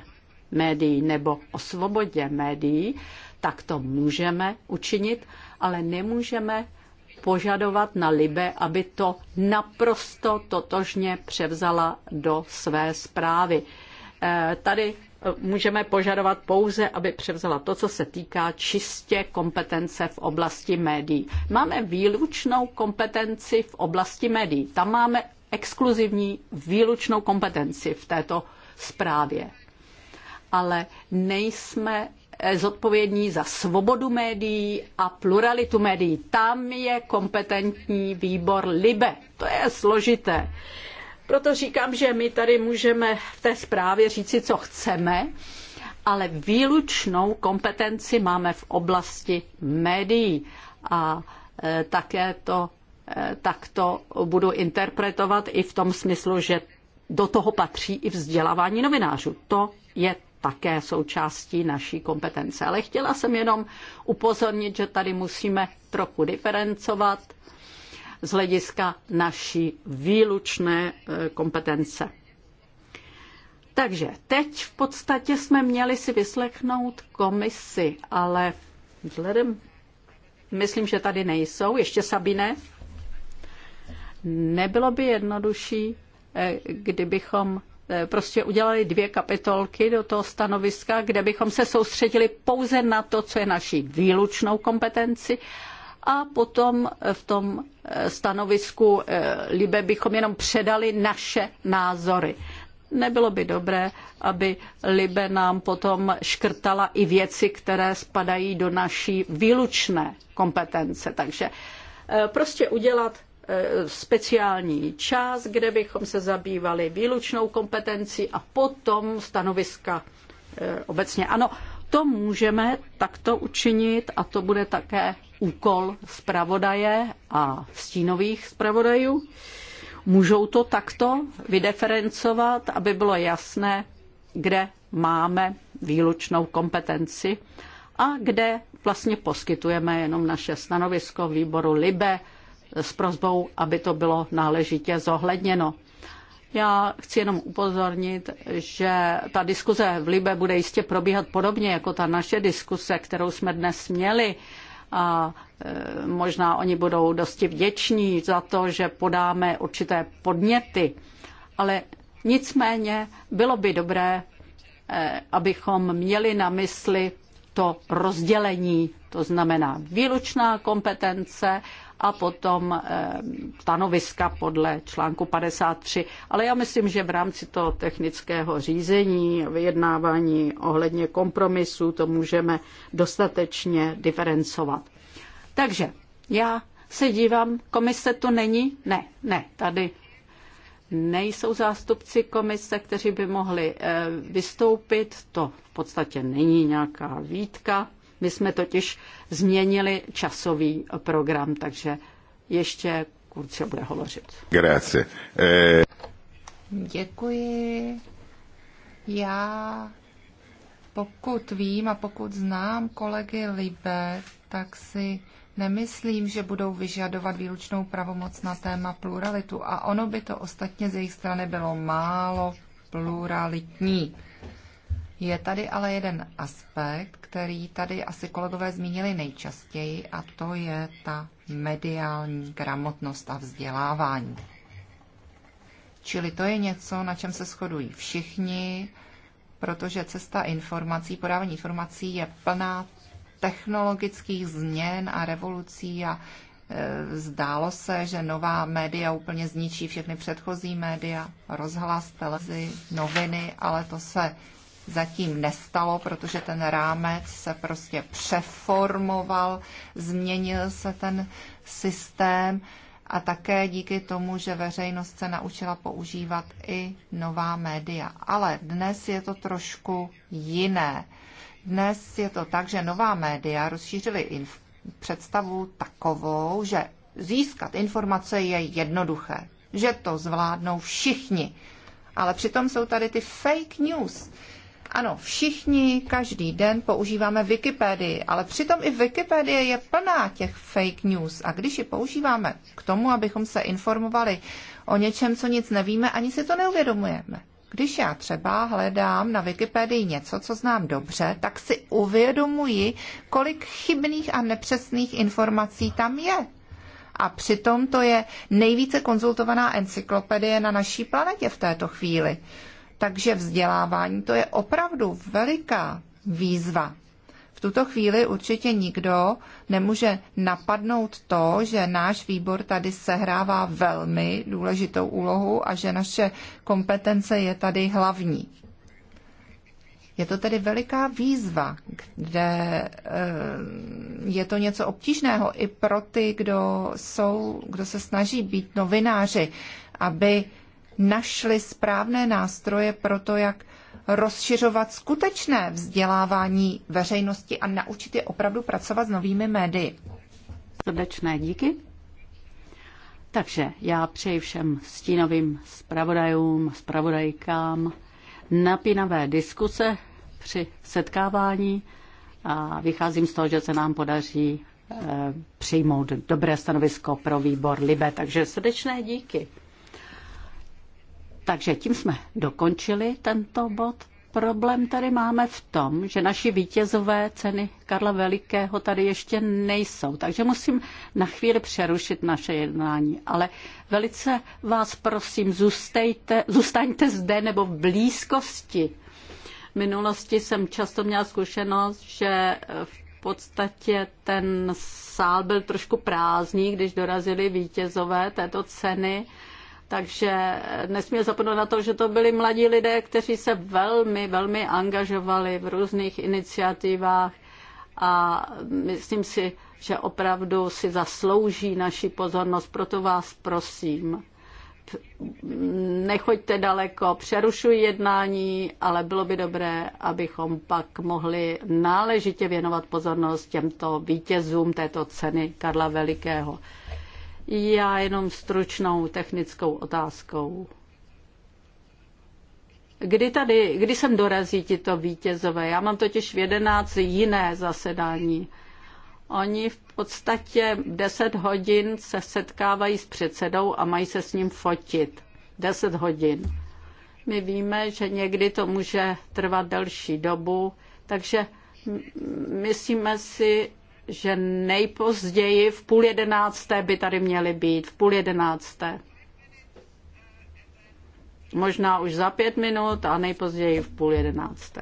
médií nebo o svobodě médií, tak to můžeme učinit, ale nemůžeme požadovat na Libe, aby to naprosto totožně převzala do své zprávy. Eh, tady eh, můžeme požadovat pouze, aby převzala to, co se týká čistě kompetence v oblasti médií. Máme výlučnou kompetenci v oblasti médií. Tam máme exkluzivní výlučnou kompetenci v této zprávě. Ale nejsme zodpovědní za svobodu médií a pluralitu médií. Tam je kompetentní výbor LIBE. To je složité. Proto říkám, že my tady můžeme v té zprávě říci, co chceme, ale výlučnou kompetenci máme v oblasti médií. A e, také to e, takto budu interpretovat i v tom smyslu, že do toho patří i vzdělávání novinářů. To je také součástí naší kompetence. Ale chtěla jsem jenom upozornit, že tady musíme trochu diferencovat z hlediska naší výlučné e, kompetence. Takže teď v podstatě jsme měli si vyslechnout komisi, ale vzhledem, myslím, že tady nejsou, ještě Sabine. Nebylo by jednodušší, e, kdybychom Eh, prostě udělali dvě kapitolky do toho stanoviska, kde bychom se soustředili pouze na to, co je naší výlučnou kompetenci a potom eh, v tom eh, stanovisku Libe bychom jenom předali naše názory. Nebylo by dobré, aby Libe nám potom škrtala i věci, které spadají do naší výlučné kompetence. Takže prostě udělat speciální část, kde bychom se zabývali výlučnou kompetencí a potom stanoviska eh, obecně. Ano, to můžeme takto učinit a to bude také úkol zpravodaje a stínových zpravodajů. Můžou to takto vydeferencovat, aby bylo jasné, kde máme výlučnou kompetenci a kde vlastně poskytujeme jenom naše stanovisko výboru LIBE s prozbou, aby to bylo náležitě zohledněno. Já chci jenom upozornit, že ta diskuze v Libe bude jistě probíhat podobně jako ta naše diskuse, kterou jsme dnes měli. A e, možná oni budou dosti vděční za to, že podáme určité podněty. Ale nicméně bylo by dobré, e, abychom měli na mysli to rozdělení, to znamená výlučná kompetence a potom eh, stanoviska podle článku 53. Ale já myslím, že v rámci toho technického řízení, vyjednávání ohledně kompromisu to můžeme dostatečně diferencovat. Takže já se dívám, komise tu není? Ne, ne, tady nejsou zástupci komise, kteří by mohli eh, vystoupit. To v podstatě není nějaká výtka. My jsme totiž změnili časový program, takže ještě Kurce bude hovořit. Grazie. E... Děkuji. Já pokud vím a pokud znám kolegy Libe, tak si nemyslím, že budou vyžadovat výlučnou pravomoc na téma pluralitu a ono by to ostatně z jejich strany bylo málo pluralitní. Je tady ale jeden aspekt, který tady asi kolegové zmínili nejčastěji, a to je ta mediální gramotnost a vzdělávání. Čili to je něco, na čem se shodují všichni, protože cesta informací, podávání informací je plná technologických změn a revolucí a e, zdálo se, že nová média úplně zničí všechny předchozí média, rozhlas, televizi, noviny, ale to se zatím nestalo, protože ten rámec se prostě přeformoval, změnil se ten systém a také díky tomu, že veřejnost se naučila používat i nová média. Ale dnes je to trošku jiné. Dnes je to tak, že nová média rozšířily představu takovou, že získat informace je jednoduché, že to zvládnou všichni. Ale přitom jsou tady ty fake news, ano, všichni každý den používáme Wikipedii, ale přitom i Wikipedie je plná těch fake news. A když ji používáme k tomu, abychom se informovali o něčem, co nic nevíme, ani si to neuvědomujeme. Když já třeba hledám na Wikipedii něco, co znám dobře, tak si uvědomuji, kolik chybných a nepřesných informací tam je. A přitom to je nejvíce konzultovaná encyklopedie na naší planetě v této chvíli. Takže vzdělávání to je opravdu veliká výzva. V tuto chvíli určitě nikdo nemůže napadnout to, že náš výbor tady sehrává velmi důležitou úlohu a že naše kompetence je tady hlavní. Je to tedy veliká výzva, kde eh, je to něco obtížného i pro ty, kdo, jsou, kdo se snaží být novináři, aby našli správné nástroje pro to, jak rozšiřovat skutečné vzdělávání veřejnosti a naučit je opravdu pracovat s novými médii. Srdečné díky. Takže já přeji všem stínovým spravodajům, spravodajkám napínavé diskuse při setkávání a vycházím z toho, že se nám podaří eh, přijmout dobré stanovisko pro výbor Libe. Takže srdečné díky. Takže tím jsme dokončili tento bod. Problém tady máme v tom, že naši vítězové ceny Karla Velikého tady ještě nejsou, takže musím na chvíli přerušit naše jednání. Ale velice vás prosím, zůstejte, zůstaňte zde nebo v blízkosti. V minulosti jsem často měla zkušenost, že v podstatě ten sál byl trošku prázdný, když dorazili vítězové této ceny. Takže nesmí zapomenout na to, že to byli mladí lidé, kteří se velmi, velmi angažovali v různých iniciativách a myslím si, že opravdu si zaslouží naši pozornost, proto vás prosím. Nechoďte daleko, přerušuji jednání, ale bylo by dobré, abychom pak mohli náležitě věnovat pozornost těmto vítězům této ceny Karla Velikého. Já jenom stručnou technickou otázkou. Kdy, tady, kdy sem dorazí tito vítězové? Já mám totiž v 11 jiné zasedání. Oni v podstatě 10 hodin se setkávají s předsedou a mají se s ním fotit. 10 hodin. My víme, že někdy to může trvat delší dobu, takže myslíme si, že nejpozději v půl jedenácté by tady měly být, v půl jedenácté. Možná už za pět minut a nejpozději v půl jedenácté.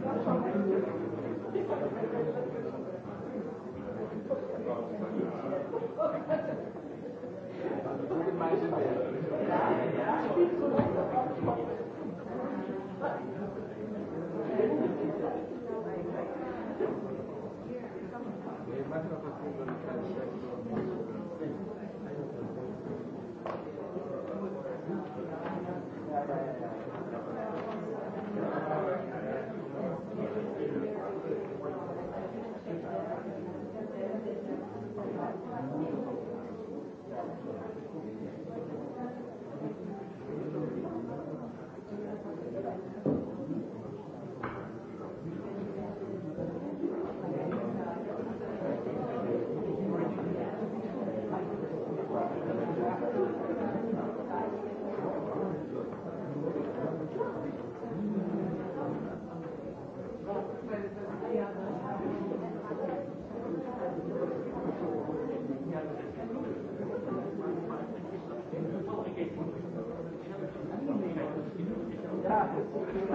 Thank you. Thank you.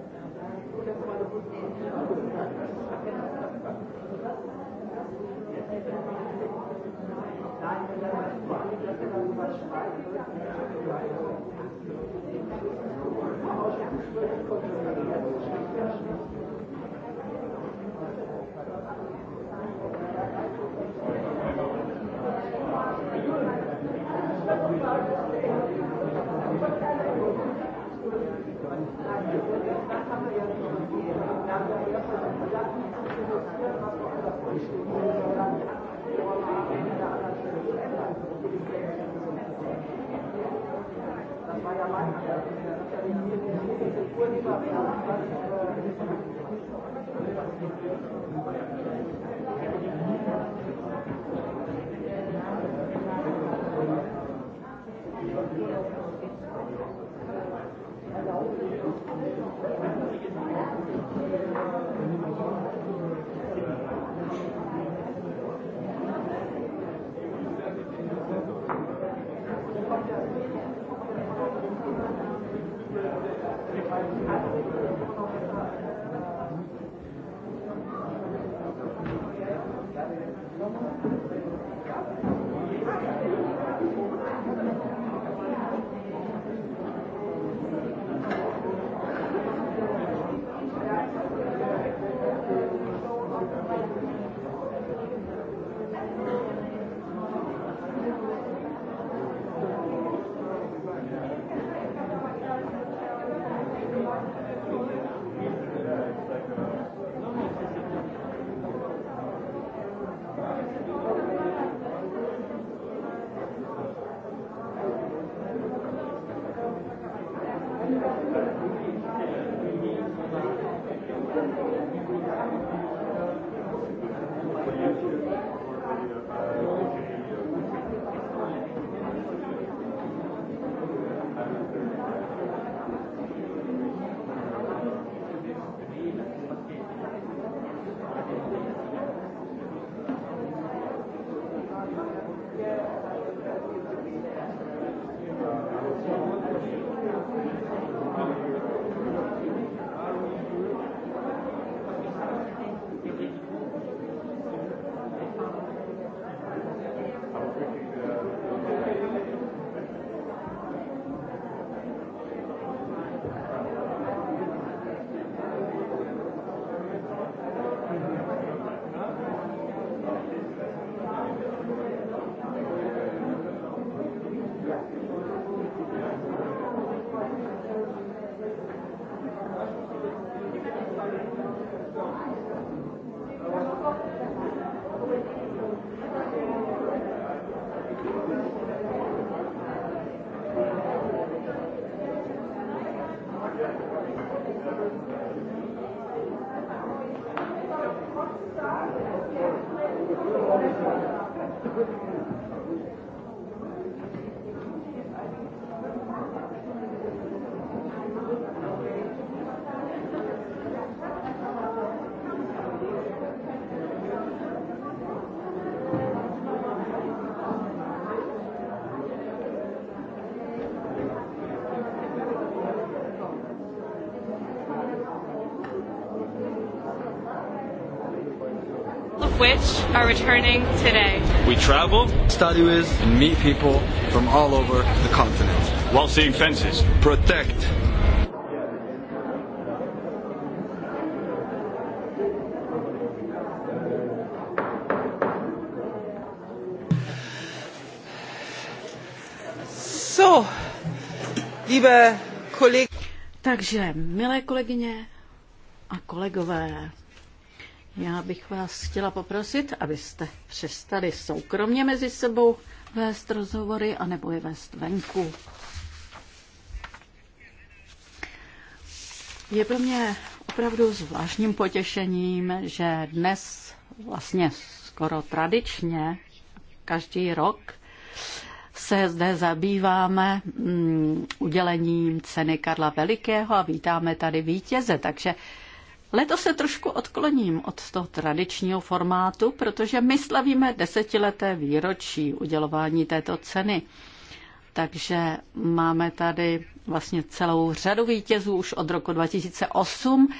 which are returning today. We travel, study with, and meet people from all over the continent. While seeing fences, protect So, liebe Kollegen. Takže, milé kolegyně a kolegové, já bych vás chtěla poprosit, abyste přestali soukromně mezi sebou vést rozhovory nebo je vést venku. Je pro mě opravdu zvláštním potěšením, že dnes vlastně skoro tradičně každý rok se zde zabýváme mm, udělením ceny Karla Velikého a vítáme tady vítěze. Takže Letos se trošku odkloním od toho tradičního formátu, protože my slavíme desetileté výročí udělování této ceny. Takže máme tady vlastně celou řadu vítězů už od roku 2008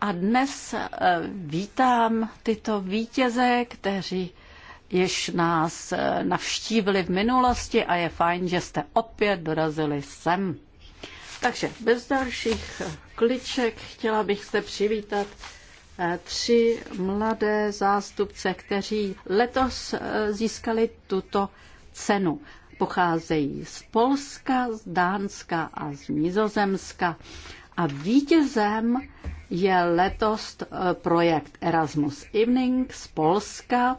a dnes eh, vítám tyto vítěze, kteří již nás eh, navštívili v minulosti a je fajn, že jste opět dorazili sem. Takže bez dalších eh, Kliček. Chtěla bych se přivítat eh, tři mladé zástupce, kteří letos eh, získali tuto cenu. Pocházejí z Polska, z Dánska a z Nizozemska. A vítězem je letos eh, projekt Erasmus Evening z Polska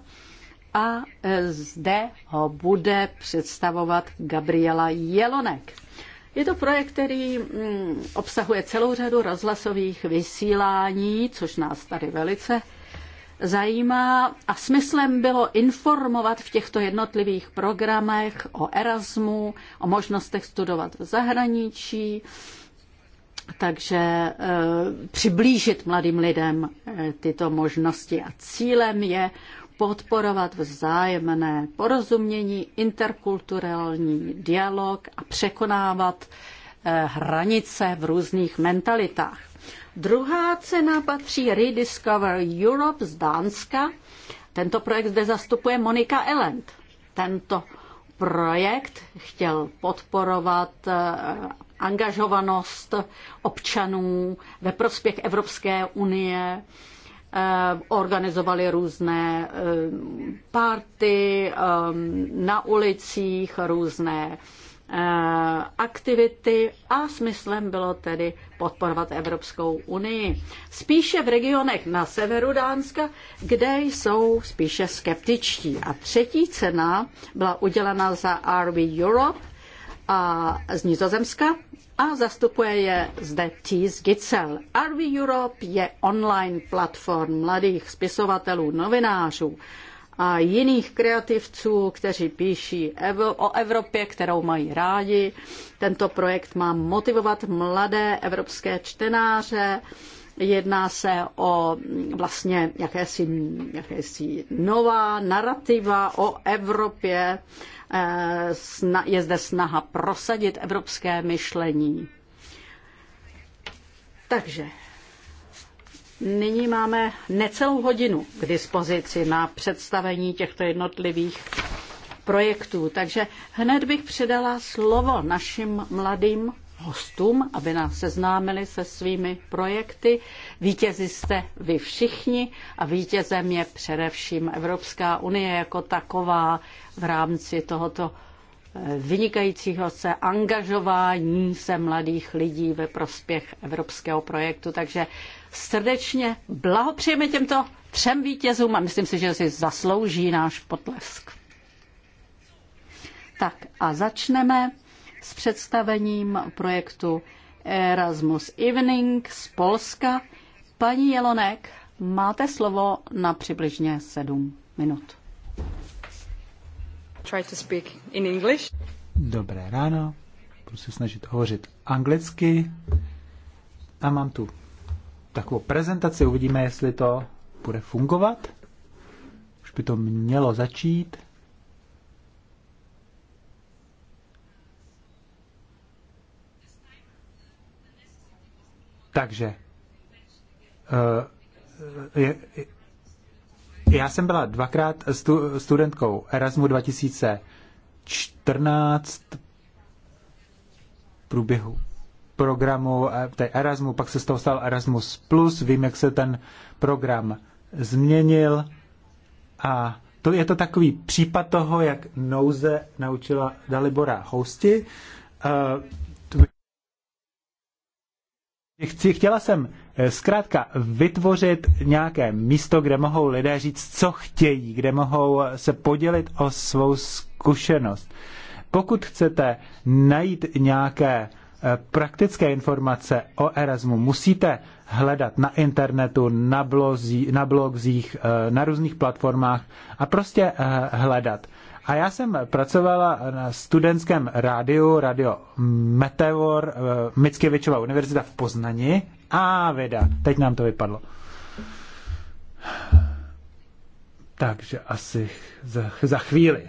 a zde ho bude představovat Gabriela Jelonek. Je to projekt, který mm, obsahuje celou řadu rozhlasových vysílání, což nás tady velice zajímá a smyslem bylo informovat v těchto jednotlivých programech o Erasmu, o možnostech studovat v zahraničí, takže e, přiblížit mladým lidem e, tyto možnosti a cílem je podporovat vzájemné porozumění, interkulturální dialog a překonávat eh, hranice v různých mentalitách. Druhá cena patří Rediscover Europe z Dánska. Tento projekt zde zastupuje Monika Elend. Tento projekt chtěl podporovat eh, angažovanost občanů ve prospěch Evropské unie Eh, organizovali různé eh, party eh, na ulicích, různé aktivity a smyslem bylo tedy podporovat Evropskou unii. Spíše v regionech na severu Dánska, kde jsou spíše skeptičtí. A třetí cena byla udělena za RV Europe a z Nizozemska a zastupuje je zde Tis Gitzel. RV Europe je online platform mladých spisovatelů, novinářů a jiných kreativců, kteří píší o Evropě, kterou mají rádi. Tento projekt má motivovat mladé evropské čtenáře, Jedná se o vlastně jakési, jakési nová narrativa o Evropě. Eh, je zde snaha prosadit evropské myšlení. Takže nyní máme necelou hodinu k dispozici na představení těchto jednotlivých projektů. Takže hned bych předala slovo našim mladým hostům, aby nás seznámili se svými projekty. Vítězi jste vy všichni a vítězem je především Evropská unie jako taková v rámci tohoto eh, vynikajícího se angažování se mladých lidí ve prospěch evropského projektu. Takže srdečně blahopřejeme těmto třem vítězům a myslím si, že si zaslouží náš potlesk. Tak a začneme s představením projektu Erasmus Evening z Polska. Paní Jelonek, máte slovo na přibližně sedm minut. Try to speak in English. Dobré ráno, budu se snažit hovořit anglicky. A mám tu takovou prezentaci, uvidíme, jestli to bude fungovat. Už by to mělo začít. Takže eh, já jsem byla dvakrát studentkou Erasmu 2014 průběhu programu eh, té Erasmu, pak se z toho stal Erasmus+, plus, vím, jak se ten program změnil a to je to takový případ toho, jak nouze naučila Dalibora hosti. Eh, Chci, chtěla jsem eh, zkrátka vytvořit nějaké místo, kde mohou lidé říct, co chtějí, kde mohou eh, se podělit o svou zkušenost. Pokud chcete najít nějaké eh, praktické informace o Erasmu, musíte hledat na internetu, na, blozí, na blogzích, na různých platformách a prostě hledat. A já jsem pracovala na studentském rádiu, radio Meteor, eh, Mickiewiczowa univerzita v Poznani. A věda, teď nám to vypadlo. Takže asi za, za chvíli.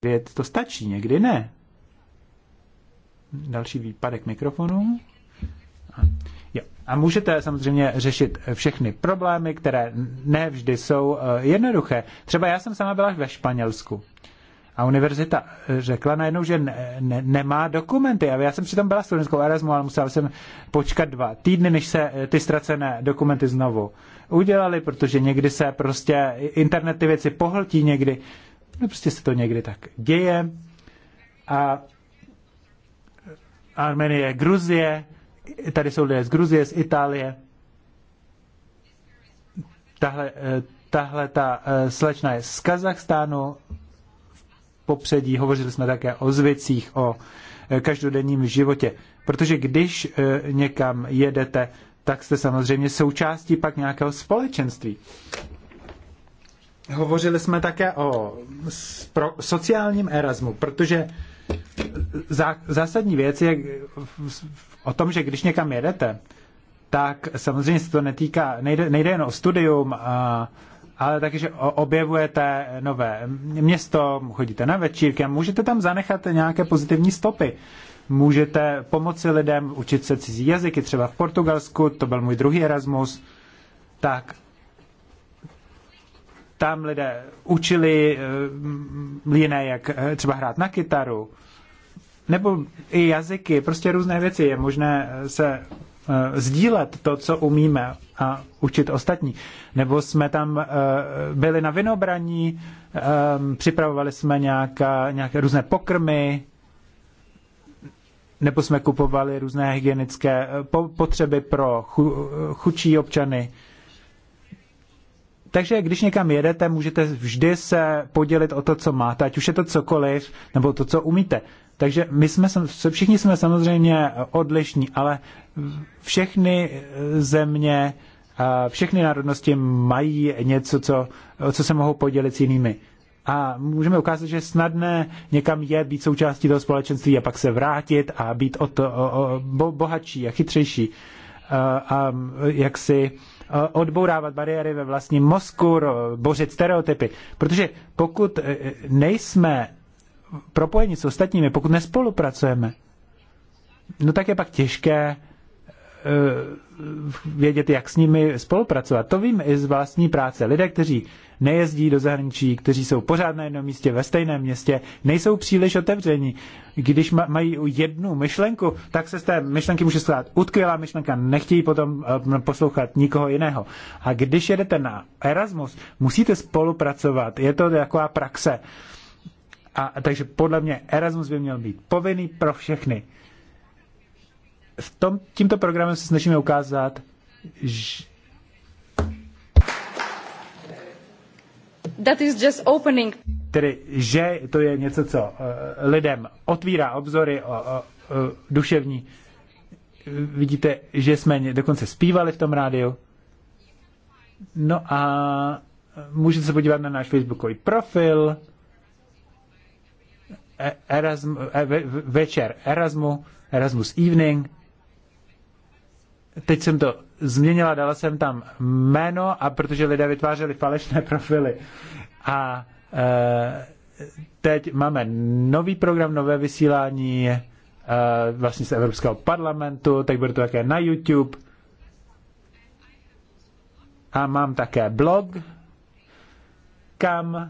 Pět to stačí, někdy ne. Další výpadek mikrofonu. A, jo. A můžete samozřejmě řešit všechny problémy, které ne vždy jsou eh, jednoduché. Třeba já jsem sama byla ve Španělsku. A univerzita eh, řekla najednou, že ne, ne, nemá dokumenty. A já jsem přitom byla studentskou Erasmu, ale musela jsem počkat dva týdny, než se eh, ty ztracené dokumenty znovu udělali, protože někdy se prostě internet ty věci pohltí někdy. No prostě se to někdy tak děje. A Armenie, Gruzie, tady jsou lidé z Gruzie, z Itálie. Tahle, eh, tahle ta eh, slečna je z Kazachstánu, popředí, hovořili jsme také o zvicích, o eh, každodenním životě. Protože když někam jedete, tak jste samozřejmě součástí pak nějakého společenství hovořili jsme také o sociálním erasmu, protože zásadní věc je o tom, že když někam jedete, tak samozřejmě se to netýká, nejde, nejde jen o studium, a, ale taky, že objevujete nové město, chodíte na večírky a můžete tam zanechat nějaké pozitivní stopy. Můžete pomoci lidem učit se cizí jazyky, třeba v Portugalsku, to byl můj druhý Erasmus, tak tam lidé učili eh, jiné, jak eh, třeba hrát na kytaru, nebo i jazyky, prostě různé věci. Je možné eh, se sdílet to, co umíme a učit ostatní. Nebo jsme tam byli na vinobraní, ehm, připravovali jsme nějaká, nějaké různé pokrmy, nebo jsme kupovali různé hygienické potřeby pro chučí občany takže když někam jedete, můžete vždy se podělit o to, co máte, ať už je to cokoliv, nebo to, co umíte. Takže my jsme, všichni jsme samozřejmě odlišní, ale všechny země, všechny národnosti mají něco, co, co se mohou podělit s jinými. A můžeme ukázat, že snadné někam je být součástí toho společenství a pak se vrátit a být o to o, o, bo, bohatší a chytřejší. A, a jak si Eh, odbourávat bariéry ve vlastním mozku, bořit stereotypy. Protože pokud eh, eh, nejsme propojeni s ostatními, pokud nespolupracujeme, no tak je pak těžké Eh, vědět, jak s nimi spolupracovat. To vím i z vlastní práce. Lidé, kteří nejezdí do zahraničí, kteří jsou pořád na jednom místě, ve stejném městě, nejsou příliš otevření. Když mají jednu myšlenku, tak se z té myšlenky může stát utkvělá myšlenka, nechtějí potom eh, poslouchat nikoho jiného. A když jedete na Erasmus, musíte spolupracovat. Je to taková praxe. A, takže podle mě Erasmus by měl být povinný pro všechny v tom, tímto programem se snažíme ukázat, že That is just opening. Tedy, že to je něco, co uh, lidem otvírá obzory o, o, o duševní. Vidíte, že jsme dokonce zpívali v tom rádiu. No a eh, můžete se podívat na náš facebookový profil e, Erasm, eh, večer Erasmu, Erasmus Evening teď jsem to změnila, dala jsem tam jméno, a protože lidé vytvářeli falešné profily. A e, teď máme nový program, nové vysílání e, vlastně z Evropského parlamentu, tak bude to také na YouTube. A mám také blog, kam, e,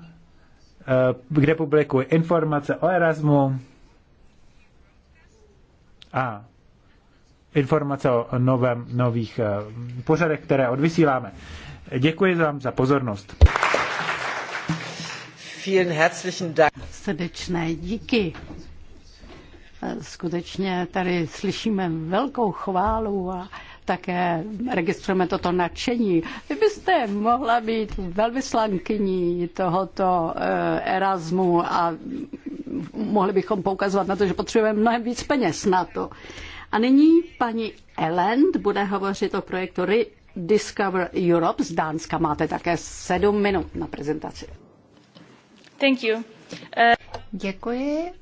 kde publikuji informace o Erasmu. A informace o novém, nových eh, pořadech, které odvysíláme. Děkuji vám za pozornost. Vielen herzlichen Dank. Srdečné díky. Skutečně tady slyšíme velkou chválu a také registrujeme toto nadšení. Vy byste mohla být velvyslankyní tohoto eh, Erasmu a mohli bychom poukazovat na to, že potřebujeme mnohem víc peněz na to. A nyní paní Elend bude hovořit o projektu Rediscover Europe z Dánska. Máte také sedm minut na prezentaci. Thank you. Uh... Děkuji.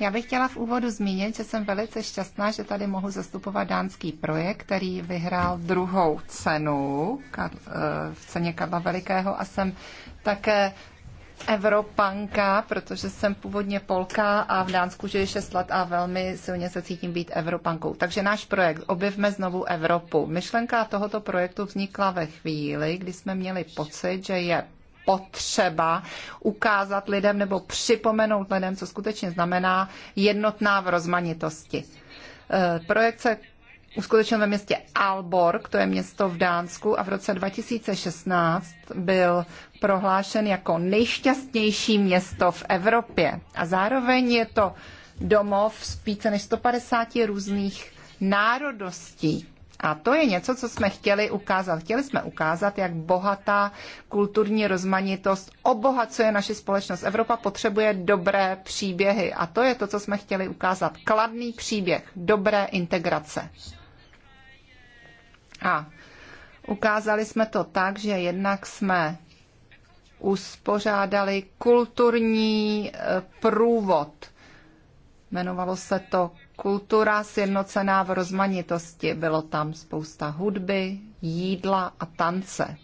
Já bych chtěla v úvodu zmínit, že jsem velice šťastná, že tady mohu zastupovat dánský projekt, který vyhrál druhou cenu eh, v ceně Karla Velikého a jsem také Evropanka, protože jsem původně Polka a v Dánsku žiji 6 let a velmi silně se cítím být Evropankou. Takže náš projekt Objevme znovu Evropu. Myšlenka tohoto projektu vznikla ve chvíli, kdy jsme měli pocit, že je potřeba ukázat lidem nebo připomenout lidem, co skutečně znamená jednotná v rozmanitosti. Eh, projekt se uskutečnil ve městě Alborg, to je město v Dánsku, a v roce 2016 byl prohlášen jako nejšťastnější město v Evropě. A zároveň je to domov z více než 150 různých národostí. A to je něco, co jsme chtěli ukázat. Chtěli jsme ukázat, jak bohatá kulturní rozmanitost obohacuje naši společnost. Evropa potřebuje dobré příběhy a to je to, co jsme chtěli ukázat. Kladný příběh, dobré integrace. A ukázali jsme to tak, že jednak jsme uspořádali kulturní e, průvod. Jmenovalo se to Kultura sjednocená v rozmanitosti. Bylo tam spousta hudby, jídla a tance.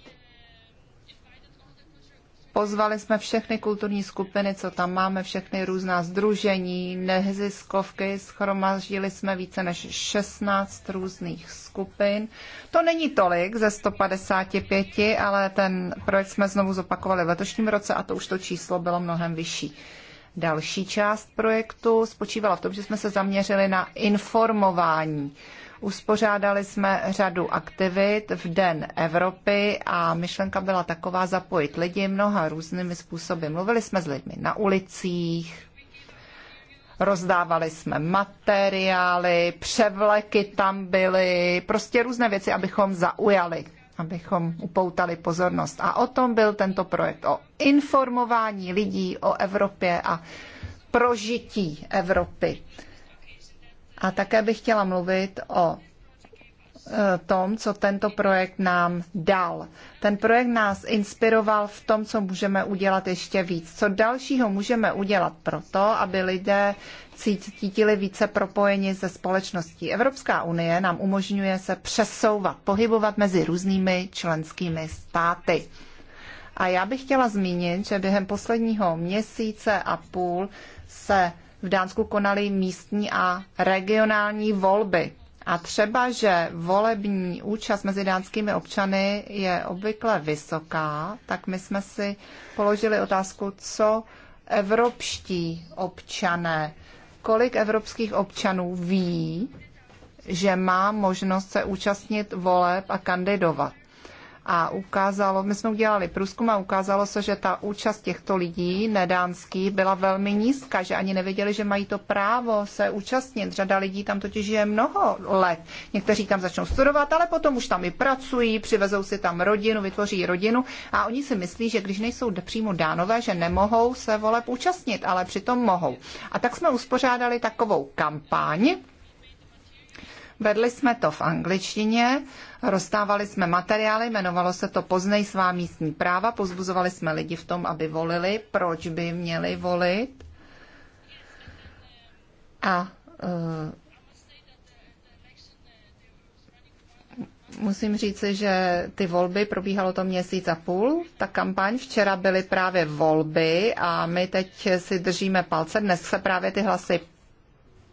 Pozvali jsme všechny kulturní skupiny, co tam máme, všechny různá združení, neziskovky, schromaždili jsme více než 16 různých skupin. To není tolik ze 155, ale ten projekt jsme znovu zopakovali v letošním roce a to už to číslo bylo mnohem vyšší. Další část projektu spočívala v tom, že jsme se zaměřili na informování. Uspořádali jsme řadu aktivit v Den Evropy a myšlenka byla taková zapojit lidi mnoha různými způsoby. Mluvili jsme s lidmi na ulicích, rozdávali jsme materiály, převleky tam byly, prostě různé věci, abychom zaujali abychom upoutali pozornost. A o tom byl tento projekt, o informování lidí o Evropě a prožití Evropy. A také bych chtěla mluvit o e, tom, co tento projekt nám dal. Ten projekt nás inspiroval v tom, co můžeme udělat ještě víc. Co dalšího můžeme udělat proto, aby lidé cítili více propojeni se společností. Evropská unie nám umožňuje se přesouvat, pohybovat mezi různými členskými státy. A já bych chtěla zmínit, že během posledního měsíce a půl se v Dánsku konaly místní a regionální volby. A třeba, že volební účast mezi dánskými občany je obvykle vysoká, tak my jsme si položili otázku, co evropští občané, kolik evropských občanů ví, že má možnost se účastnit voleb a kandidovat a ukázalo, my jsme udělali průzkum a ukázalo se, že ta účast těchto lidí nedánských byla velmi nízká, že ani nevěděli, že mají to právo se účastnit. Řada lidí tam totiž je mnoho let. Někteří tam začnou studovat, ale potom už tam i pracují, přivezou si tam rodinu, vytvoří rodinu a oni si myslí, že když nejsou přímo dánové, že nemohou se voleb účastnit, ale přitom mohou. A tak jsme uspořádali takovou kampaň, Vedli jsme to v angličtině, Rozstávali jsme materiály, jmenovalo se to Poznej svá místní práva, pozbuzovali jsme lidi v tom, aby volili, proč by měli volit. A uh, musím říci, že ty volby probíhalo to měsíc a půl. Ta kampaň včera byly právě volby a my teď si držíme palce. Dnes se právě ty hlasy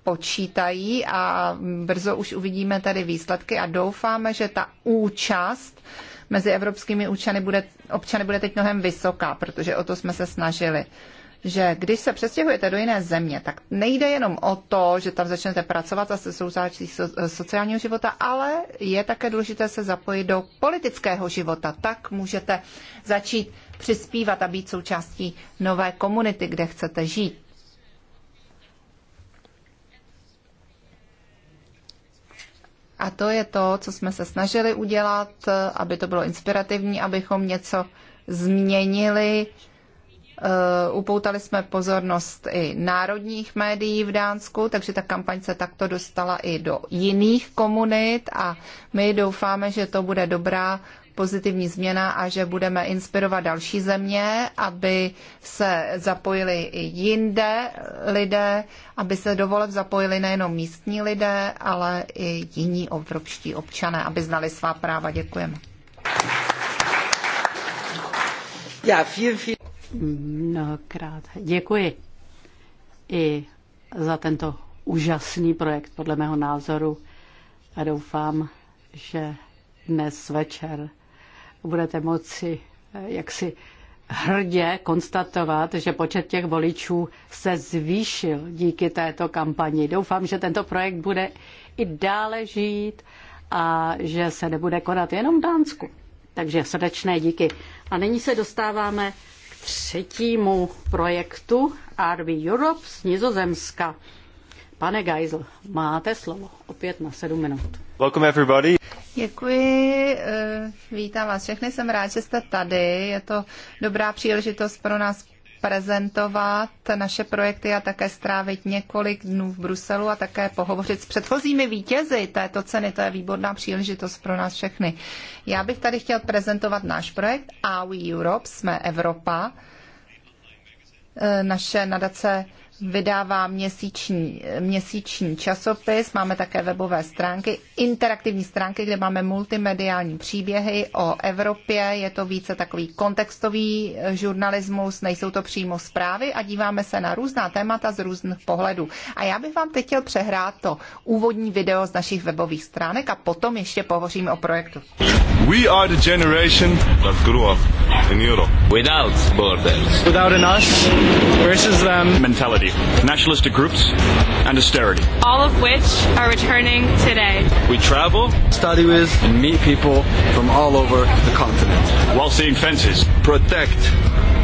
počítají a brzo už uvidíme tady výsledky a doufáme, že ta účast mezi evropskými občany bude, občany bude teď mnohem vysoká, protože o to jsme se snažili že když se přestěhujete do jiné země, tak nejde jenom o to, že tam začnete pracovat a se součástí sociálního života, ale je také důležité se zapojit do politického života. Tak můžete začít přispívat a být součástí nové komunity, kde chcete žít. A to je to, co jsme se snažili udělat, aby to bylo inspirativní, abychom něco změnili. Eh, upoutali jsme pozornost i národních médií v Dánsku, takže ta kampaň se takto dostala i do jiných komunit a my doufáme, že to bude dobrá pozitivní změna a že budeme inspirovat další země, aby se zapojili i jinde lidé, aby se do voleb zapojili nejenom místní lidé, ale i jiní evropští občané, aby znali svá práva. Děkujeme. Já, Mnohokrát děkuji i za tento úžasný projekt, podle mého názoru. A doufám, že dnes večer budete moci eh, jaksi hrdě konstatovat, že počet těch voličů se zvýšil díky této kampani. Doufám, že tento projekt bude i dále žít a že se nebude konat jenom v Dánsku. Takže srdečné díky. A nyní se dostáváme k třetímu projektu RV Europe z Nizozemska. Pane Geisel, máte slovo opět na sedm minut. Welcome everybody. Děkuji, eh, vítám vás všechny, jsem rád, že jste tady. Je to dobrá příležitost pro nás prezentovat naše projekty a také strávit několik dnů v Bruselu a také pohovořit s předchozími vítězi této ceny. To je výborná příležitost pro nás všechny. Já bych tady chtěl prezentovat náš projekt Are We Europe, jsme Evropa. Eh, naše nadace vydává měsíční, měsíční časopis, máme také webové stránky, interaktivní stránky, kde máme multimediální příběhy o Evropě, je to více takový kontextový eh, žurnalismus, nejsou to přímo zprávy a díváme se na různá témata z různých pohledů. A já bych vám teď chtěl přehrát to úvodní video z našich webových stránek a potom ještě pohovoříme o projektu. We are the generation that grew up in Europe without borders. Without an us versus them mentality, nationalistic groups, and austerity. All of which are returning today. We travel, study with, and meet people from all over the continent. While seeing fences, protect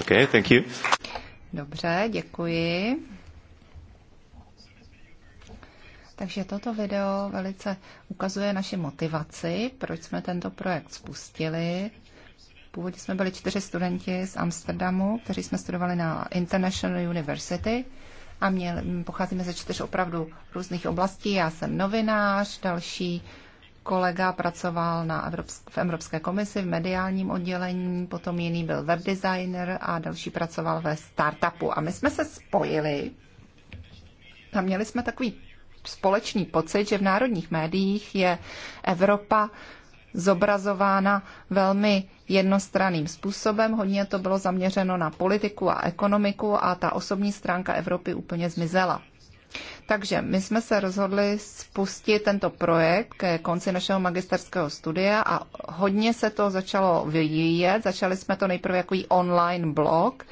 Okay, thank you. Dobře, děkuji. Takže toto video velice ukazuje naši motivaci, proč jsme tento projekt spustili. Původně jsme byli čtyři studenti z Amsterdamu, kteří jsme studovali na International University a měli, pocházíme ze čtyř opravdu různých oblastí. Já jsem novinář, další kolega pracoval na Evropsk- v Evropské komisi v mediálním oddělení, potom jiný byl webdesigner a další pracoval ve startupu. A my jsme se spojili a měli jsme takový společný pocit, že v národních médiích je Evropa zobrazována velmi jednostranným způsobem. Hodně to bylo zaměřeno na politiku a ekonomiku a ta osobní stránka Evropy úplně zmizela. Takže my jsme se rozhodli spustit tento projekt ke konci našeho magisterského studia a hodně se to začalo vyvíjet. Začali jsme to nejprve jako online blog,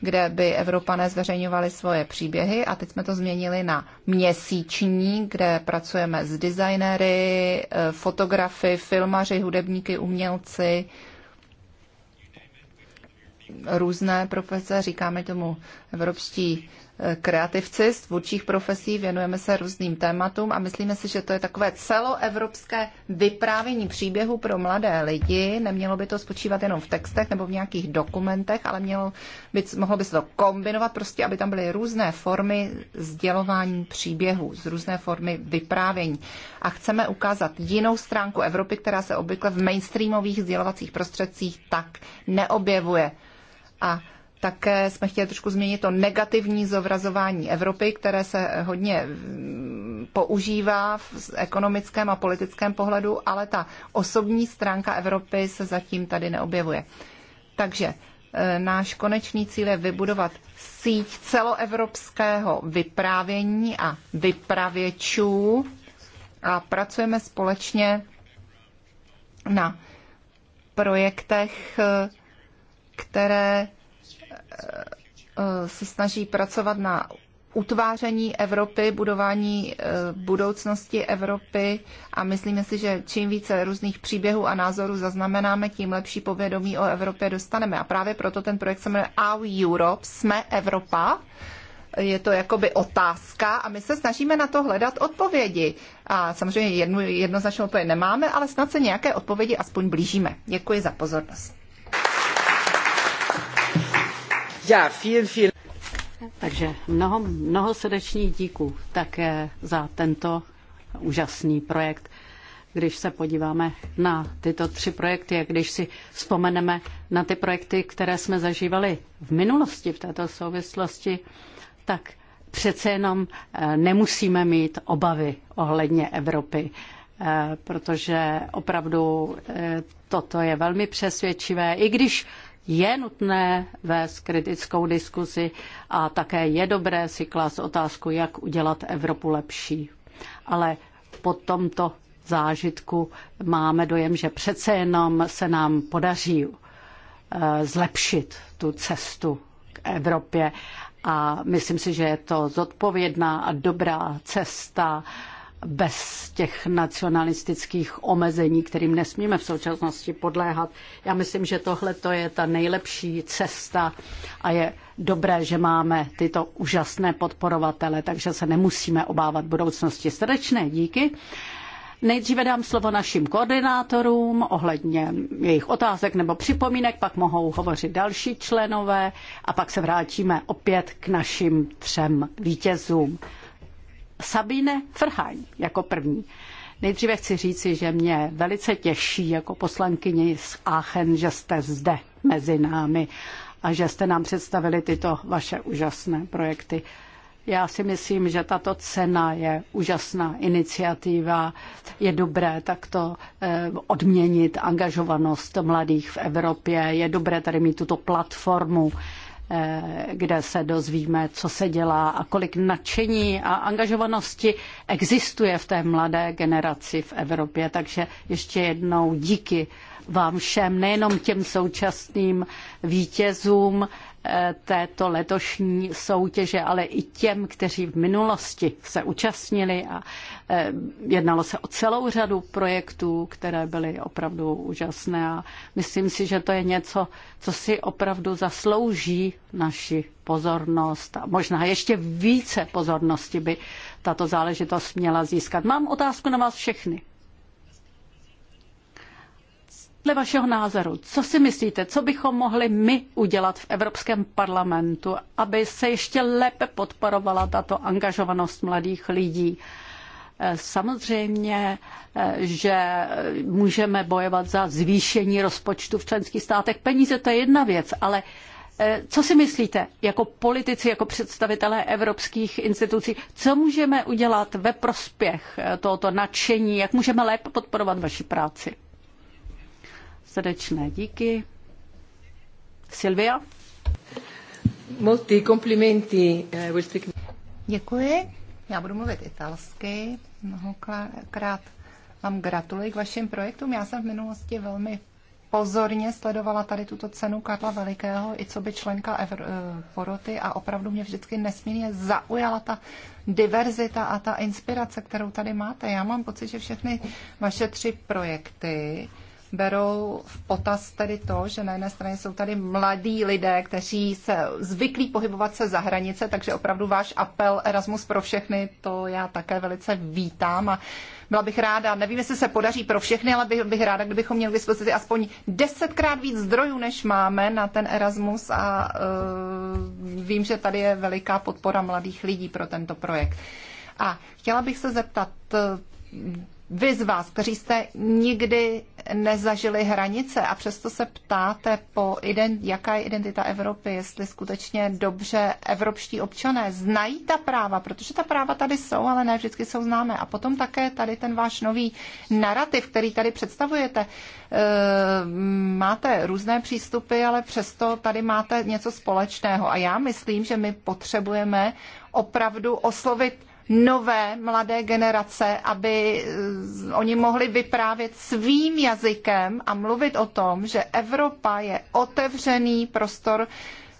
kde by Evropané zveřejňovali svoje příběhy a teď jsme to změnili na měsíční, kde pracujeme s designery, eh, fotografy, filmaři, hudebníky, umělci, různé profese, říkáme tomu evropští kreativci z tvůrčích profesí, věnujeme se různým tématům a myslíme si, že to je takové celoevropské vyprávění příběhu pro mladé lidi. Nemělo by to spočívat jenom v textech nebo v nějakých dokumentech, ale mělo by, mohlo by se to kombinovat prostě, aby tam byly různé formy sdělování příběhů, z různé formy vyprávění. A chceme ukázat jinou stránku Evropy, která se obvykle v mainstreamových sdělovacích prostředcích tak neobjevuje. A také jsme chtěli trošku změnit to negativní zobrazování Evropy, které se hodně mm, používá v ekonomickém a politickém pohledu, ale ta osobní stránka Evropy se zatím tady neobjevuje. Takže e, náš konečný cíl je vybudovat síť celoevropského vyprávění a vypravěčů a pracujeme společně na projektech, e, které Eh, se snaží pracovat na utváření Evropy, budování eh, budoucnosti Evropy a myslíme si, že čím více různých příběhů a názorů zaznamenáme, tím lepší povědomí o Evropě dostaneme. A právě proto ten projekt se jmenuje Our Europe, jsme Evropa, je to jakoby otázka a my se snažíme na to hledat odpovědi. A samozřejmě jednu, jednoznačnou odpověď nemáme, ale snad se nějaké odpovědi aspoň blížíme. Děkuji za pozornost. Ja, vielen, vielen. Takže mnoho, mnoho srdečních díků také za tento úžasný projekt. Když se podíváme na tyto tři projekty a když si vzpomeneme na ty projekty, které jsme zažívali v minulosti v této souvislosti, tak přece jenom eh, nemusíme mít obavy ohledně Evropy, eh, protože opravdu eh, toto je velmi přesvědčivé, i když je nutné vést kritickou diskuzi a také je dobré si klást otázku, jak udělat Evropu lepší. Ale po tomto zážitku máme dojem, že přece jenom se nám podaří eh, zlepšit tu cestu k Evropě a myslím si, že je to zodpovědná a dobrá cesta bez těch nacionalistických omezení, kterým nesmíme v současnosti podléhat. Já myslím, že tohle to je ta nejlepší cesta a je dobré, že máme tyto úžasné podporovatele, takže se nemusíme obávat budoucnosti. Srdečné díky. Nejdříve dám slovo našim koordinátorům ohledně jejich otázek nebo připomínek, pak mohou hovořit další členové a pak se vrátíme opět k našim třem vítězům. Sabine Frhaň jako první. Nejdříve chci říci, že mě velice těší jako poslankyni z Aachen, že jste zde mezi námi a že jste nám představili tyto vaše úžasné projekty. Já si myslím, že tato cena je úžasná iniciativa. Je dobré takto eh, odměnit angažovanost mladých v Evropě. Je dobré tady mít tuto platformu Eh, kde se dozvíme, co se dělá a kolik nadšení a angažovanosti existuje v té mladé generaci v Evropě. Takže ještě jednou díky vám všem, nejenom těm současným vítězům, této letošní soutěže, ale i těm, kteří v minulosti se účastnili a eh, jednalo se o celou řadu projektů, které byly opravdu úžasné a myslím si, že to je něco, co si opravdu zaslouží naši pozornost a možná ještě více pozornosti by tato záležitost měla získat. Mám otázku na vás všechny. Dle vašeho názoru, co si myslíte, co bychom mohli my udělat v Evropském parlamentu, aby se ještě lépe podporovala tato angažovanost mladých lidí? Eh, samozřejmě, eh, že můžeme bojovat za zvýšení rozpočtu v členských státech. Peníze to je jedna věc, ale eh, co si myslíte jako politici, jako představitelé evropských institucí, co můžeme udělat ve prospěch tohoto nadšení, jak můžeme lépe podporovat vaši práci? Srdečné díky. Silvia? Molti complimenti. Eh, Děkuji. Já budu mluvit italsky. Mnohokrát vám gratuluji k vašim projektům. Já jsem v minulosti velmi pozorně sledovala tady tuto cenu Karla Velikého, i co by členka Evr- eh, poroty a opravdu mě vždycky nesmírně zaujala ta diverzita a ta inspirace, kterou tady máte. Já mám pocit, že všechny vaše tři projekty berou v potaz tedy to, že na jedné straně jsou tady mladí lidé, kteří se zvyklí pohybovat se za hranice, takže opravdu váš apel Erasmus pro všechny, to já také velice vítám a byla bych ráda, nevím, jestli se podaří pro všechny, ale bych, bych ráda, kdybychom měli dispozici aspoň desetkrát víc zdrojů, než máme na ten Erasmus a uh, vím, že tady je veliká podpora mladých lidí pro tento projekt. A chtěla bych se zeptat, eh, vy z vás, kteří jste nikdy nezažili hranice a přesto se ptáte, po ident, jaká je identita Evropy, jestli skutečně dobře evropští občané znají ta práva, protože ta práva tady jsou, ale ne vždycky jsou známé. A potom také tady ten váš nový narrativ, který tady představujete. Eh, máte různé přístupy, ale přesto tady máte něco společného. A já myslím, že my potřebujeme opravdu oslovit nové mladé generace, aby eh, oni mohli vyprávět svým jazykem a mluvit o tom, že Evropa je otevřený prostor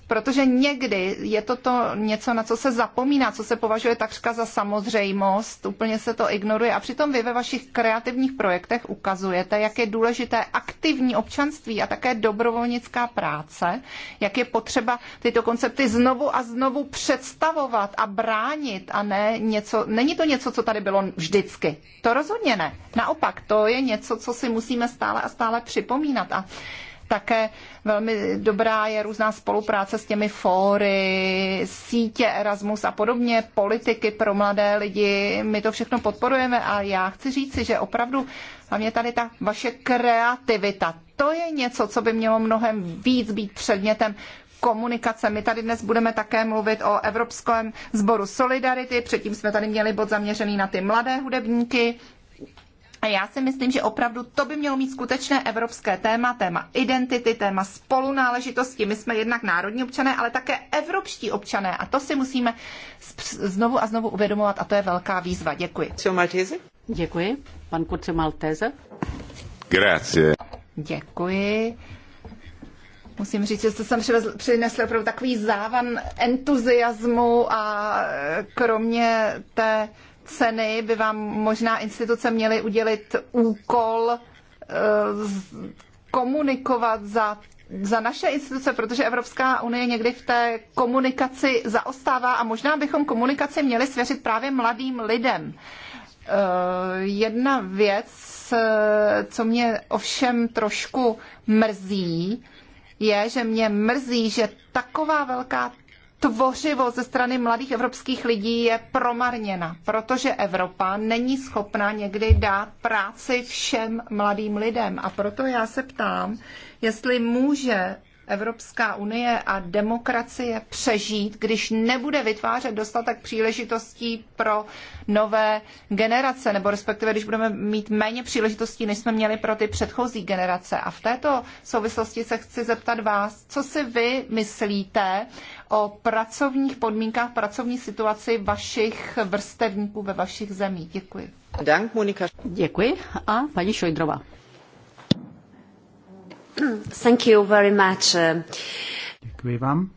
protože někdy je to, to něco, na co se zapomíná, co se považuje takřka za samozřejmost, úplně se to ignoruje a přitom vy ve vašich kreativních projektech ukazujete, jak je důležité aktivní občanství a také dobrovolnická práce, jak je potřeba tyto koncepty znovu a znovu představovat a bránit a ne něco, není to něco, co tady bylo vždycky. To rozhodně ne. Naopak, to je něco, co si musíme stále a stále připomínat a také velmi dobrá je různá spolupráce s těmi fóry, sítě Erasmus a podobně, politiky pro mladé lidi. My to všechno podporujeme a já chci říci, že opravdu hlavně tady ta vaše kreativita, to je něco, co by mělo mnohem víc být předmětem komunikace. My tady dnes budeme také mluvit o Evropském sboru Solidarity, předtím jsme tady měli bod zaměřený na ty mladé hudebníky. A já si myslím, že opravdu to by mělo mít skutečné evropské téma, téma identity, téma spolunáležitosti. My jsme jednak národní občané, ale také evropští občané. A to si musíme znovu a znovu uvědomovat a to je velká výzva. Děkuji. Děkuji. Pan Kurce Malteze. Grazie. Děkuji. Musím říct, že jste sem přivezl, přinesl opravdu takový závan entuziasmu a e, kromě té ceny by vám možná instituce měly udělit úkol eh, komunikovat za za naše instituce, protože Evropská unie někdy v té komunikaci zaostává a možná bychom komunikaci měli svěřit právě mladým lidem. Eh, jedna věc, eh, co mě ovšem trošku mrzí, je, že mě mrzí, že taková velká tvořivost ze strany mladých evropských lidí je promarněna, protože Evropa není schopna někdy dát práci všem mladým lidem. A proto já se ptám, jestli může Evropská unie a demokracie přežít, když nebude vytvářet dostatek příležitostí pro nové generace, nebo respektive když budeme mít méně příležitostí, než jsme měli pro ty předchozí generace. A v této souvislosti se chci zeptat vás, co si vy myslíte o pracovních podmínkách, pracovní situaci vašich vrstevníků ve vašich zemích. Děkuji. Dank, Monika. Děkuji. A paní Šojdrova. Thank you very much. Uh, Děkuji vám.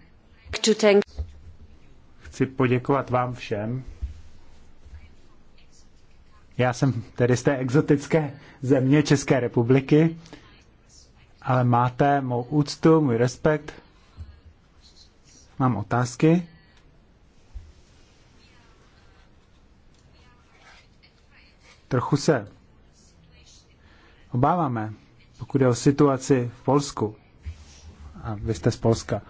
Chci poděkovat vám všem. Já jsem tedy z té exotické země České republiky, ale máte mou úctu, můj respekt. Mám otázky. Trochu se obáváme pokud je o situaci v Polsku, a vy jste z Polska,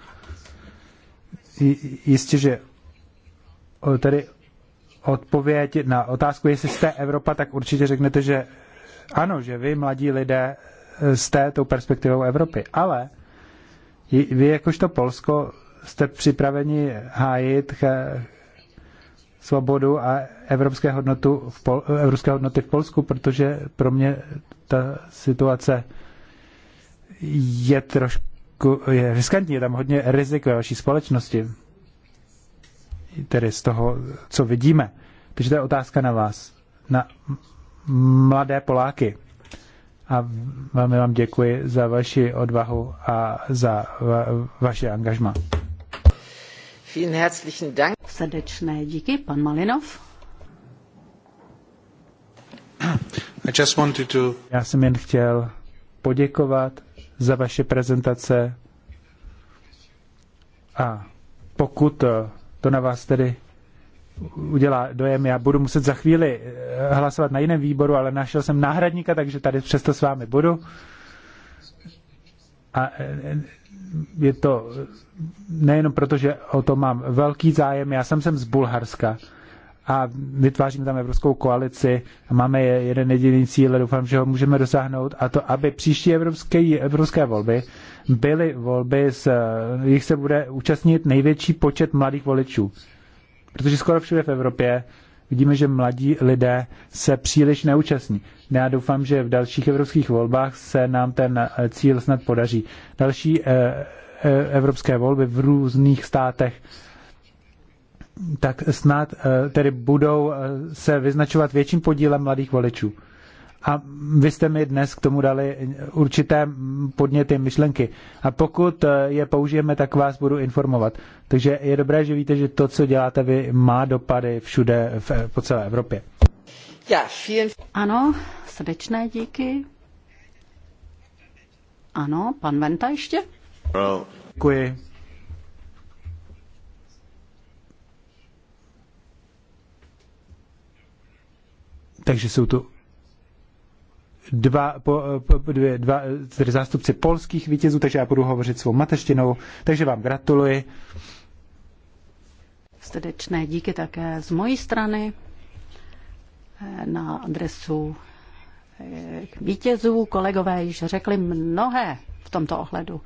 jistě, že tady odpověď na otázku, jestli jste Evropa, tak určitě řeknete, že ano, že vy, mladí lidé, jste tou perspektivou Evropy, ale vy jakožto Polsko jste připraveni hájit svobodu a evropské, hodnotu v Pol, evropské hodnoty v Polsku, protože pro mě ta situace je trošku je riskantní, je tam hodně rizik ve vaší společnosti, tedy z toho, co vidíme. Takže to je otázka na vás, na mladé Poláky. A velmi vám děkuji za vaši odvahu a za va- vaše angažma. Vielen herzlichen Dank. Srdečné díky, pan Malinov. To... Já jsem jen chtěl poděkovat za vaše prezentace a pokud eh, to na vás tedy udělá dojem, já budu muset za chvíli eh, hlasovat na jiném výboru, ale našel jsem náhradníka, takže tady přesto s vámi budu. A eh, je to nejenom proto, že o to mám velký zájem, já jsem sem z Bulharska a vytváříme tam evropskou koalici a máme jeden jediný cíl, a doufám, že ho můžeme dosáhnout a to, aby příští evropské, evropské volby byly volby, z jich se bude účastnit největší počet mladých voličů. Protože skoro všude v Evropě vidíme, že mladí lidé se příliš neúčastní. Já doufám, že v dalších evropských volbách se nám ten eh, cíl snad podaří. Další eh, eh, evropské volby v různých státech tak snad eh, tedy budou eh, se vyznačovat větším podílem mladých voličů. A vy jste mi dnes k tomu dali určité podněty, myšlenky. A pokud eh, je použijeme, tak vás budu informovat. Takže je dobré, že víte, že to, co děláte vy, má dopady všude v, po celé Evropě. Ano, srdečné díky. Ano, pan Venta ještě? Děkuji. Takže jsou to dva, po, po, dvě, dva tedy zástupci polských vítězů, takže já budu hovořit svou mateštinou. Takže vám gratuluji. Srdečné díky také z mojí strany eh, na adresu eh, vítězů. Kolegové již řekli mnohé v tomto ohledu.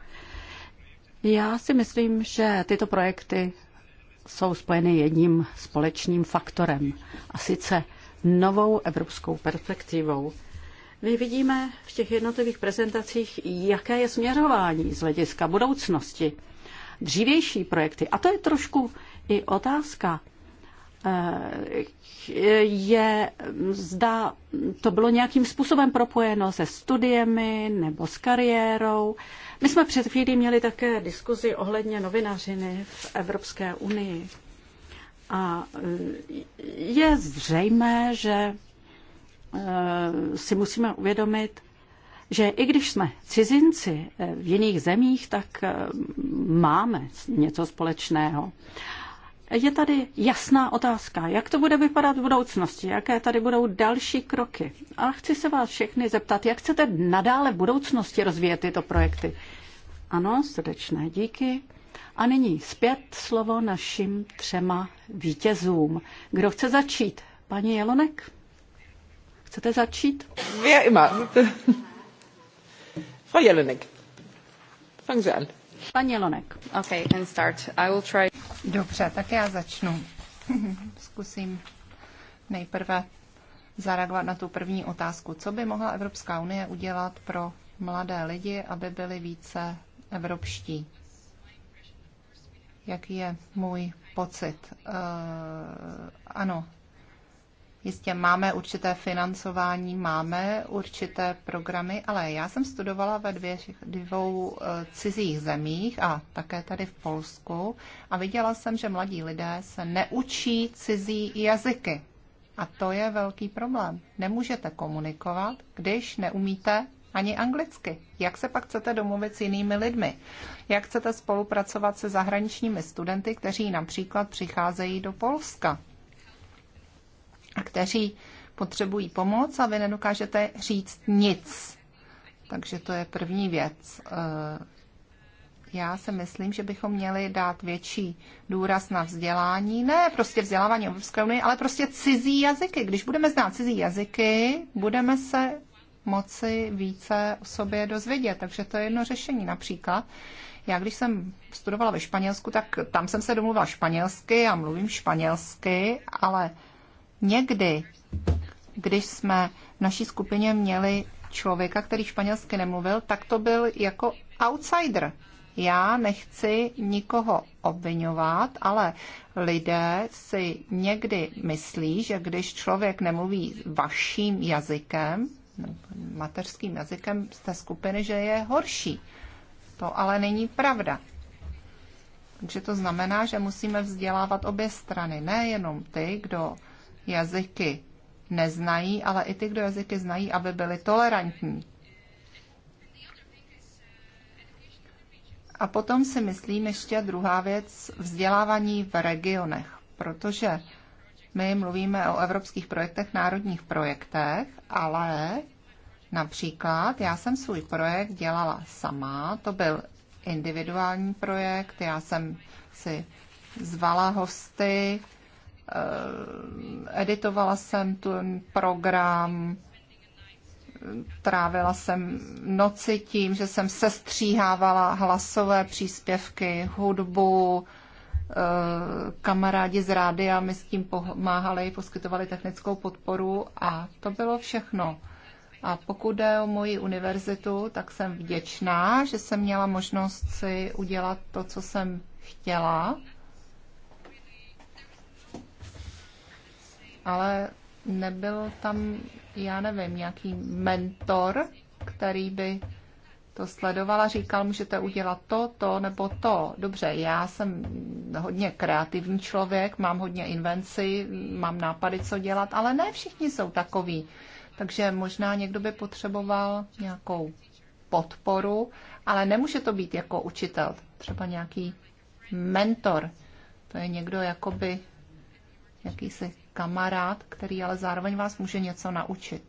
Já si myslím, že tyto projekty jsou spojeny jedním společným faktorem, a sice novou evropskou perspektivou. My vidíme v těch jednotlivých prezentacích, jaké je směřování z hlediska budoucnosti. Dřívější projekty, a to je trošku i otázka, eh, je, zda to bylo nějakým způsobem propojeno se studiemi nebo s kariérou. My jsme před chvílí měli také diskuzi ohledně novinařiny v Evropské unii. A e, je zřejmé, že e, si musíme uvědomit, že i když jsme cizinci e, v jiných zemích, tak máme něco společného. Je tady jasná otázka, jak to bude vypadat v budoucnosti, jaké tady budou další kroky. A chci se vás všechny zeptat, jak chcete nadále v budoucnosti rozvíjet tyto projekty. Ano, srdečné díky. A nyní zpět slovo našim třema vítězům. Kdo chce začít? Paní Jelonek? Chcete začít? Já má. Frau Jelonek. Fang an. Pan Jelonek. Okay, and start. I will try. Dobře, tak já začnu. Zkusím nejprve zareagovat na tu první otázku. Co by mohla Evropská unie udělat pro mladé lidi, aby byli více evropští? jaký je můj pocit. Eh, ano, Jistě máme určité financování, máme určité programy, ale já jsem studovala ve dvě, dvou eh, cizích zemích a také tady v Polsku a viděla jsem, že mladí lidé se neučí cizí jazyky. A to je velký problém. Nemůžete komunikovat, když neumíte ani anglicky. Jak se pak chcete domluvit s jinými lidmi? Jak chcete spolupracovat se zahraničními studenty, kteří například přicházejí do Polska a kteří potřebují pomoc a vy nedokážete říct nic? Takže to je první věc. Eh, já si myslím, že bychom měli dát větší důraz na vzdělání. Ne prostě vzdělávání Evropské unie, ale prostě cizí jazyky. Když budeme znát cizí jazyky, budeme se moci více o sobě dozvědět. Takže to je jedno řešení. Například, já když jsem studovala ve Španělsku, tak tam jsem se domluvila španělsky a mluvím španělsky, ale někdy, když jsme v naší skupině měli člověka, který španělsky nemluvil, tak to byl jako outsider. Já nechci nikoho obvinovat, ale lidé si někdy myslí, že když člověk nemluví vaším jazykem, mateřským jazykem z té skupiny, že je horší. To ale není pravda. Takže to znamená, že musíme vzdělávat obě strany, nejenom ty, kdo jazyky neznají, ale i ty, kdo jazyky znají, aby byli tolerantní. A potom si myslím ještě druhá věc, vzdělávání v regionech, protože my mluvíme o evropských projektech, národních projektech, ale například já jsem svůj projekt dělala sama, to byl individuální projekt, já jsem si zvala hosty, eh, editovala jsem ten program, trávila jsem noci tím, že jsem sestříhávala hlasové příspěvky, hudbu, Eh, kamarádi z rády a my s tím pomáhali, poskytovali technickou podporu a to bylo všechno. A pokud jde o moji univerzitu, tak jsem vděčná, že jsem měla možnost si udělat to, co jsem chtěla. Ale nebyl tam, já nevím, nějaký mentor, který by to sledovala, říkal, můžete udělat to, to nebo to. Dobře, já jsem hodně kreativní člověk, mám hodně invenci, mám nápady, co dělat, ale ne všichni jsou takový. Takže možná někdo by potřeboval nějakou podporu, ale nemůže to být jako učitel, třeba nějaký mentor. To je někdo jakoby jakýsi kamarád, který ale zároveň vás může něco naučit.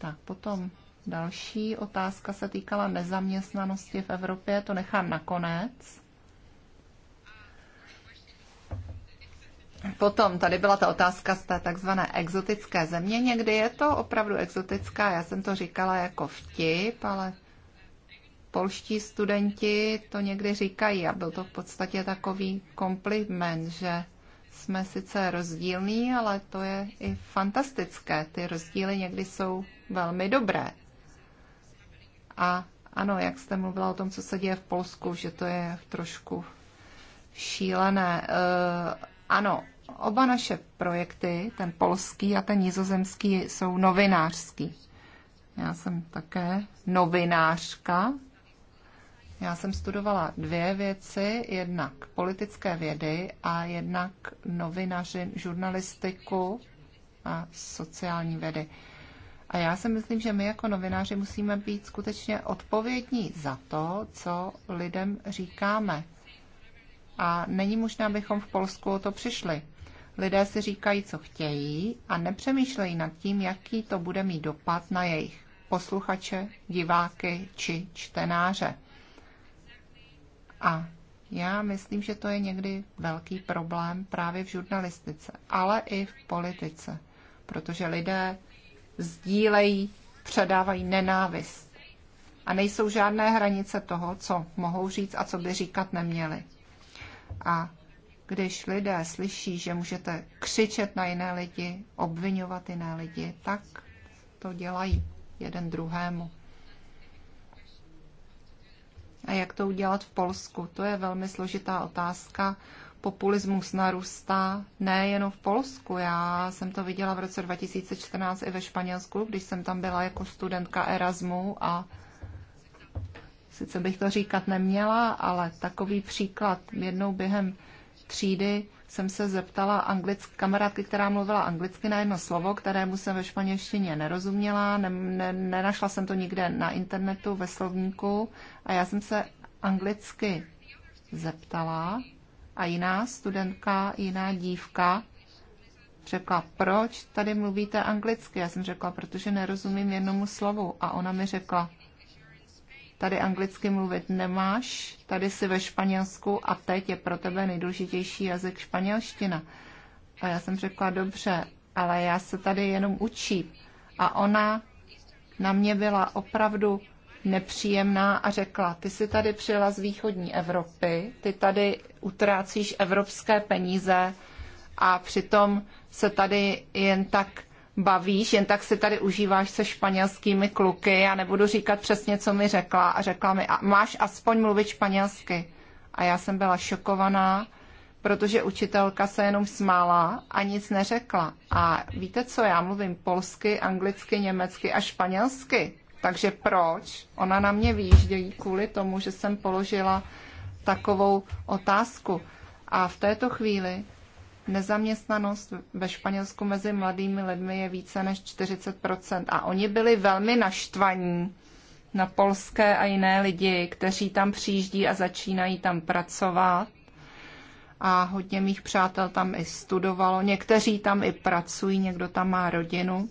Tak potom další otázka se týkala nezaměstnanosti v Evropě, to nechám nakonec. Potom tady byla ta otázka z té takzvané exotické země. Někdy je to opravdu exotická, já jsem to říkala jako vtip, ale polští studenti to někdy říkají a byl to v podstatě takový kompliment, že jsme sice rozdílní, ale to je i fantastické. Ty rozdíly někdy jsou velmi dobré. A ano, jak jste mluvila o tom, co se děje v Polsku, že to je trošku šílené. E, ano, oba naše projekty, ten polský a ten nizozemský, jsou novinářský. Já jsem také novinářka. Já jsem studovala dvě věci, jednak politické vědy a jednak novinařin, žurnalistiku a sociální vědy. A já si myslím, že my jako novináři musíme být skutečně odpovědní za to, co lidem říkáme. A není možné, abychom v Polsku o to přišli. Lidé si říkají, co chtějí a nepřemýšlejí nad tím, jaký to bude mít dopad na jejich posluchače, diváky či čtenáře. A já myslím, že to je někdy velký problém právě v žurnalistice, ale i v politice, protože lidé sdílejí, předávají nenávist. A nejsou žádné hranice toho, co mohou říct a co by říkat neměli. A když lidé slyší, že můžete křičet na jiné lidi, obvinovat jiné lidi, tak to dělají jeden druhému. A jak to udělat v Polsku? To je velmi složitá otázka, populismus narůstá nejenom v Polsku. Já jsem to viděla v roce 2014 i ve Španělsku, když jsem tam byla jako studentka Erasmu a sice bych to říkat neměla, ale takový příklad. Jednou během třídy jsem se zeptala anglick, kamarádky, která mluvila anglicky na jedno slovo, kterému jsem ve španělštině nerozuměla, ne, ne, nenašla jsem to nikde na internetu, ve slovníku a já jsem se anglicky zeptala a jiná studentka, jiná dívka řekla, proč tady mluvíte anglicky? Já jsem řekla, protože nerozumím jednomu slovu. A ona mi řekla, tady anglicky mluvit nemáš, tady jsi ve Španělsku a teď je pro tebe nejdůležitější jazyk španělština. A já jsem řekla, dobře, ale já se tady jenom učím. A ona na mě byla opravdu nepříjemná a řekla, ty jsi tady přijela z východní Evropy, ty tady utrácíš evropské peníze a přitom se tady jen tak bavíš, jen tak si tady užíváš se španělskými kluky, já nebudu říkat přesně, co mi řekla a řekla mi, a máš aspoň mluvit španělsky. A já jsem byla šokovaná, protože učitelka se jenom smála a nic neřekla. A víte co, já mluvím polsky, anglicky, německy a španělsky. Takže proč? Ona na mě výjíždějí kvůli tomu, že jsem položila takovou otázku. A v této chvíli nezaměstnanost ve Španělsku mezi mladými lidmi je více než 40%. A oni byli velmi naštvaní na polské a jiné lidi, kteří tam přijíždí a začínají tam pracovat. A hodně mých přátel tam i studovalo. Někteří tam i pracují, někdo tam má rodinu.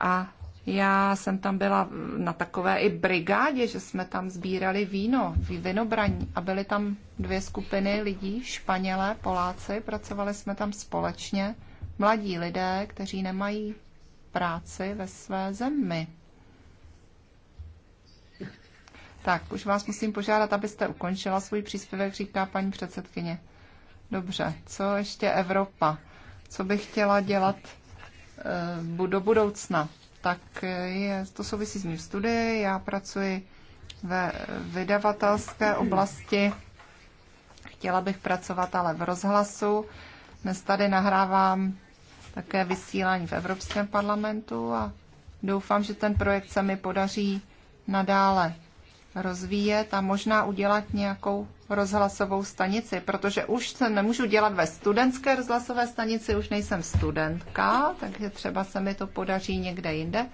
A já jsem tam byla na takové i brigádě, že jsme tam sbírali víno, vinobraní a byly tam dvě skupiny lidí, Španělé, Poláci, pracovali jsme tam společně, mladí lidé, kteří nemají práci ve své zemi. Tak, už vás musím požádat, abyste ukončila svůj příspěvek, říká paní předsedkyně. Dobře, co ještě Evropa? Co bych chtěla dělat eh, do budoucna? tak je, to souvisí s mým studiem. Já pracuji ve vydavatelské oblasti. Chtěla bych pracovat ale v rozhlasu. Dnes tady nahrávám také vysílání v Evropském parlamentu a doufám, že ten projekt se mi podaří nadále rozvíjet a možná udělat nějakou rozhlasovou stanici, protože už se nemůžu dělat ve studentské rozhlasové stanici, už nejsem studentka, takže třeba se mi to podaří někde jinde.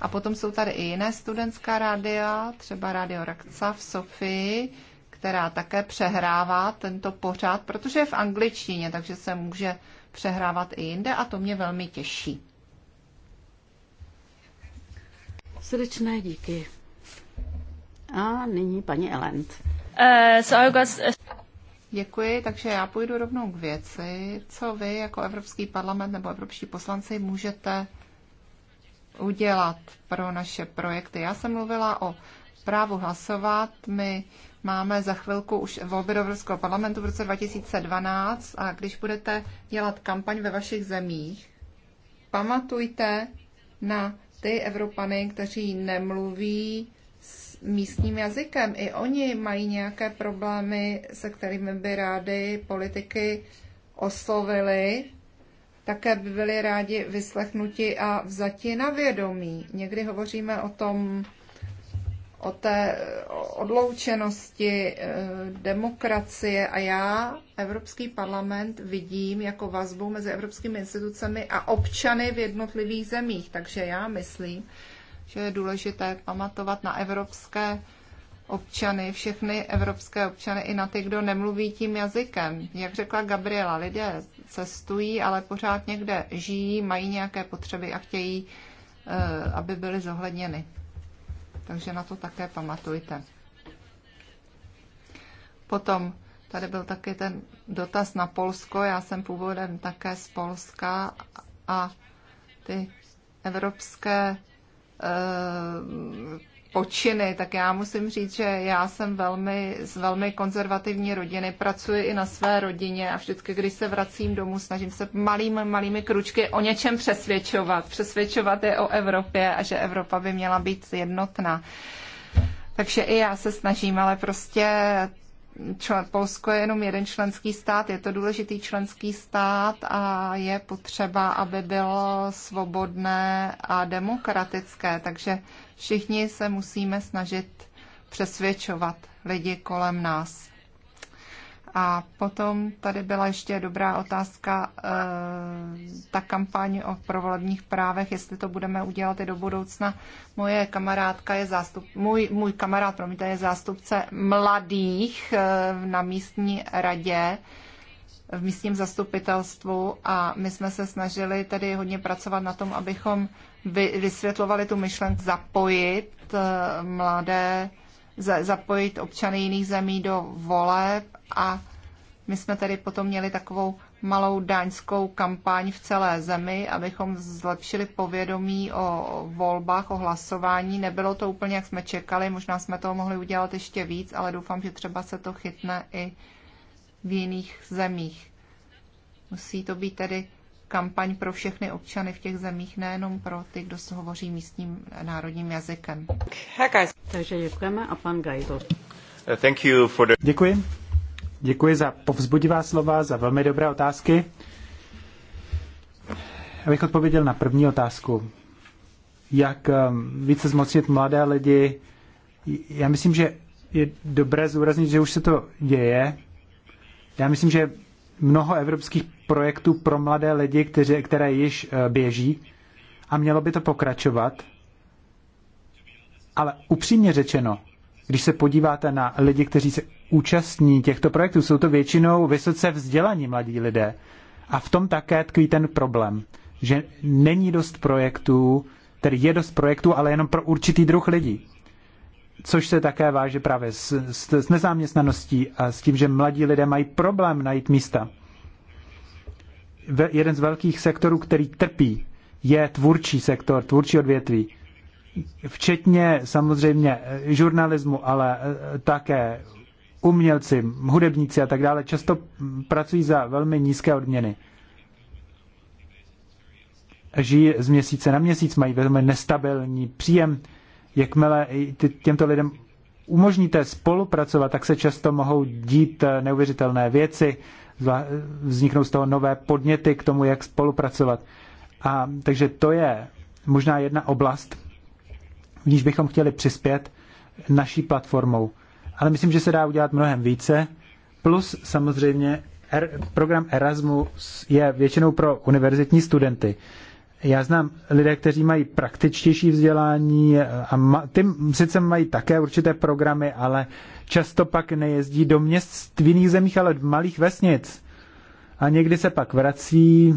A potom jsou tady i jiné studentská rádia, třeba Radio Rakca v Sofii, která také přehrává tento pořád, protože je v angličtině, takže se může přehrávat i jinde a to mě velmi těší. Srdečné díky. A nyní paní Elend. Uh, eh, so Děkuji, takže já půjdu rovnou k věci. Co vy jako Evropský parlament nebo evropští poslanci můžete udělat pro naše projekty? Já jsem mluvila o právu hlasovat. My máme za chvilku už volby do Evropského parlamentu v roce 2012 a když budete dělat kampaň ve vašich zemích, pamatujte na ty Evropany, kteří nemluví s místním jazykem. I oni mají nějaké problémy, se kterými by rádi politiky oslovili. Také by byli rádi vyslechnuti a vzati na vědomí. Někdy hovoříme o tom, o té odloučenosti eh, demokracie a já Evropský parlament vidím jako vazbu mezi evropskými institucemi a občany v jednotlivých zemích. Takže já myslím, že je důležité pamatovat na evropské občany, všechny evropské občany, i na ty, kdo nemluví tím jazykem. Jak řekla Gabriela, lidé cestují, ale pořád někde žijí, mají nějaké potřeby a chtějí, eh, aby byly zohledněny. Takže na to také pamatujte. Potom tady byl taky ten dotaz na Polsko. Já jsem původem také z Polska a ty evropské Eh, počiny, tak já musím říct, že já jsem velmi, z velmi konzervativní rodiny, pracuji i na své rodině a vždycky, když se vracím domů, snažím se malými, malými kručky o něčem přesvědčovat. Přesvědčovat je o Evropě a že Evropa by měla být jednotná. Takže i já se snažím, ale prostě člen, Polsko je jenom jeden členský stát, je to důležitý členský stát a je potřeba, aby bylo svobodné a demokratické. Takže všichni se musíme snažit přesvědčovat lidi kolem nás. A potom tady byla ještě dobrá otázka, eh, ta kampaň o provolebních právech, jestli to budeme udělat i do budoucna. Moje kamarádka je zástup, můj, můj kamarád, promiňte, je zástupce mladých eh, na místní radě v místním zastupitelstvu a my jsme se snažili tedy hodně pracovat na tom, abychom vysvětlovali tu myšlenku zapojit eh, mladé zapojit občany jiných zemí do voleb a my jsme tedy potom měli takovou malou dáňskou kampaň v celé zemi, abychom zlepšili povědomí o volbách, o hlasování. Nebylo to úplně, jak jsme čekali, možná jsme toho mohli udělat ještě víc, ale doufám, že třeba se to chytne i v jiných zemích. Musí to být tedy kampaň pro všechny občany v těch zemích, nejenom pro ty, kdo se hovoří místním národním jazykem. Takže děkujeme a pan Gajdl. Eh, Děkuji. Děkuji za povzbudivá slova, za velmi dobré otázky. Abych odpověděl na první otázku. Jak ehm, více zmocnit mladé lidi? Já myslím, že je dobré zúraznit, že už se to děje. Já myslím, že mnoho evropských projektů pro mladé lidi, kteři, které již eh, běží a mělo by to pokračovat. Ale upřímně řečeno, když se podíváte na lidi, kteří se účastní těchto projektů, jsou to většinou vysoce vzdělaní mladí lidé. A v tom také tkví ten problém, že není dost projektů, tedy je dost projektů, ale jenom pro určitý druh lidí což se také váže právě s, s, s nezaměstnaností a s tím, že mladí lidé mají problém najít místa. Ve, jeden z velkých sektorů, který trpí, je tvůrčí sektor, tvůrčí odvětví. Včetně samozřejmě eh, žurnalismu, ale eh, také umělci, hudebníci a tak dále, často pracují za velmi nízké odměny. Žijí z měsíce na měsíc, mají velmi nestabilní příjem jakmile těmto lidem umožníte spolupracovat, tak se často mohou dít eh, neuvěřitelné věci, eh, vzniknou z toho nové podněty k tomu, jak spolupracovat. A, takže to je možná jedna oblast, v níž bychom chtěli přispět naší platformou. Ale myslím, že se dá udělat mnohem více. Plus samozřejmě er, program Erasmus je většinou pro univerzitní studenty. Já znám lidé, kteří mají praktičtější vzdělání eh, a ma, ty sice mají také určité programy, ale často pak nejezdí do měst v jiných zemích, ale do malých vesnic. A někdy se pak vrací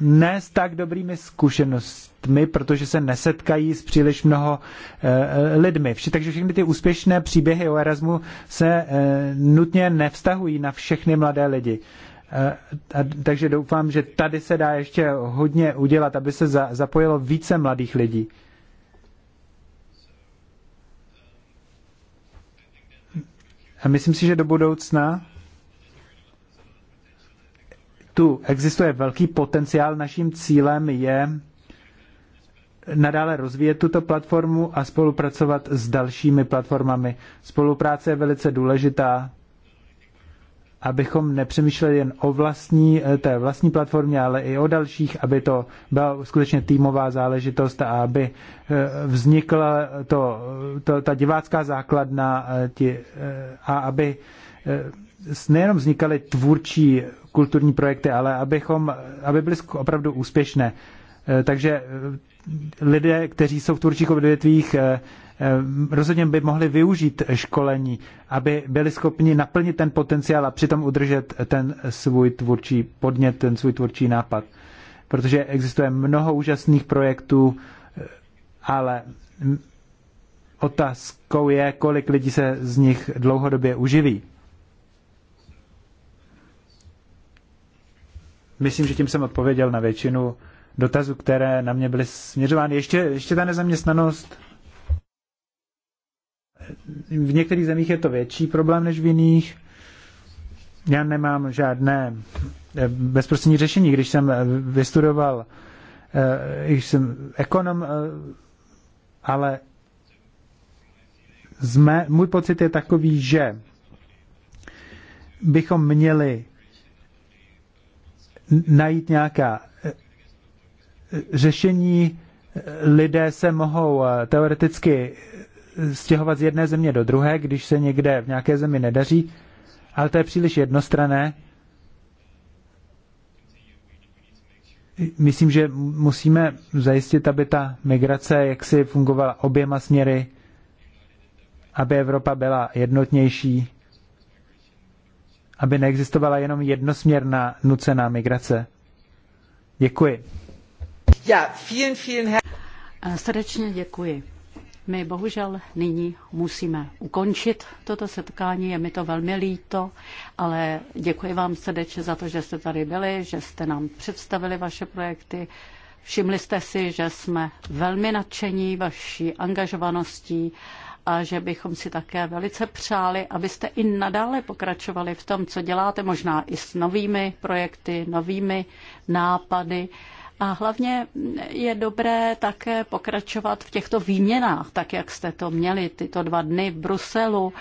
ne s tak dobrými zkušenostmi, protože se nesetkají s příliš mnoho e, lidmi. Vši, takže všechny ty úspěšné příběhy o Erasmu se e, nutně nevztahují na všechny mladé lidi. Eh, a, takže doufám, že tady se dá ještě hodně udělat, aby se za, zapojilo více mladých lidí. A myslím si, že do budoucna tu existuje velký potenciál. Naším cílem je nadále rozvíjet tuto platformu a spolupracovat s dalšími platformami. Spolupráce je velice důležitá abychom nepřemýšleli jen o vlastní, eh, té vlastní platformě, ale i o dalších, aby to byla skutečně týmová záležitost a aby eh, vznikla to, to, ta divácká základna eh, ti, a aby nejenom vznikaly tvůrčí kulturní projekty, ale abychom, aby byly opravdu úspěšné. Takže lidé, kteří jsou v tvůrčích odvětvích, Eh, rozhodně by mohli využít školení, aby byli schopni naplnit ten potenciál a přitom udržet ten svůj tvůrčí podnět, ten svůj tvůrčí nápad. Protože existuje mnoho úžasných projektů, eh, ale otázkou je, kolik lidí se z nich dlouhodobě uživí. Myslím, že tím jsem odpověděl na většinu dotazů, které na mě byly směřovány. Ještě, ještě ta nezaměstnanost v některých zemích je to větší problém než v jiných. Já nemám žádné eh, bezprostřední řešení. Když jsem eh, vystudoval, eh, když jsem ekonom, ale mé, můj pocit je takový, že bychom měli najít nějaká řešení. Lidé se mohou teoreticky stěhovat z jedné země do druhé, když se někde v nějaké zemi nedaří, ale to je příliš jednostrané. Myslím, že musíme zajistit, aby ta migrace jaksi fungovala oběma směry, aby Evropa byla jednotnější, aby neexistovala jenom jednosměrná nucená migrace. Děkuji. Já, vielen, vielen her- Srdečně děkuji. My bohužel nyní musíme ukončit toto setkání, je mi to velmi líto, ale děkuji vám srdečně za to, že jste tady byli, že jste nám představili vaše projekty. Všimli jste si, že jsme velmi nadšení vaší angažovaností a že bychom si také velice přáli, abyste i nadále pokračovali v tom, co děláte, možná i s novými projekty, novými nápady a hlavně je dobré také pokračovat v těchto výměnách, tak jak jste to měli tyto dva dny v Bruselu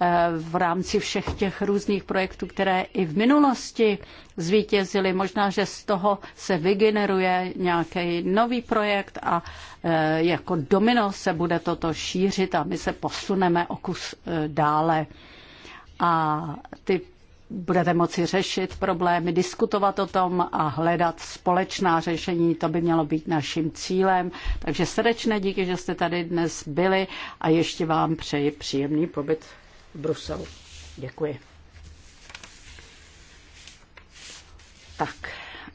eh, v rámci všech těch různých projektů, které i v minulosti zvítězily. Možná, že z toho se vygeneruje nějaký nový projekt a eh, jako domino se bude toto šířit a my se posuneme o kus eh, dále. A ty budete moci řešit problémy, diskutovat o tom a hledat společná řešení. To by mělo být naším cílem. Takže srdečné díky, že jste tady dnes byli a ještě vám přeji příjemný pobyt v Bruselu. Děkuji. Tak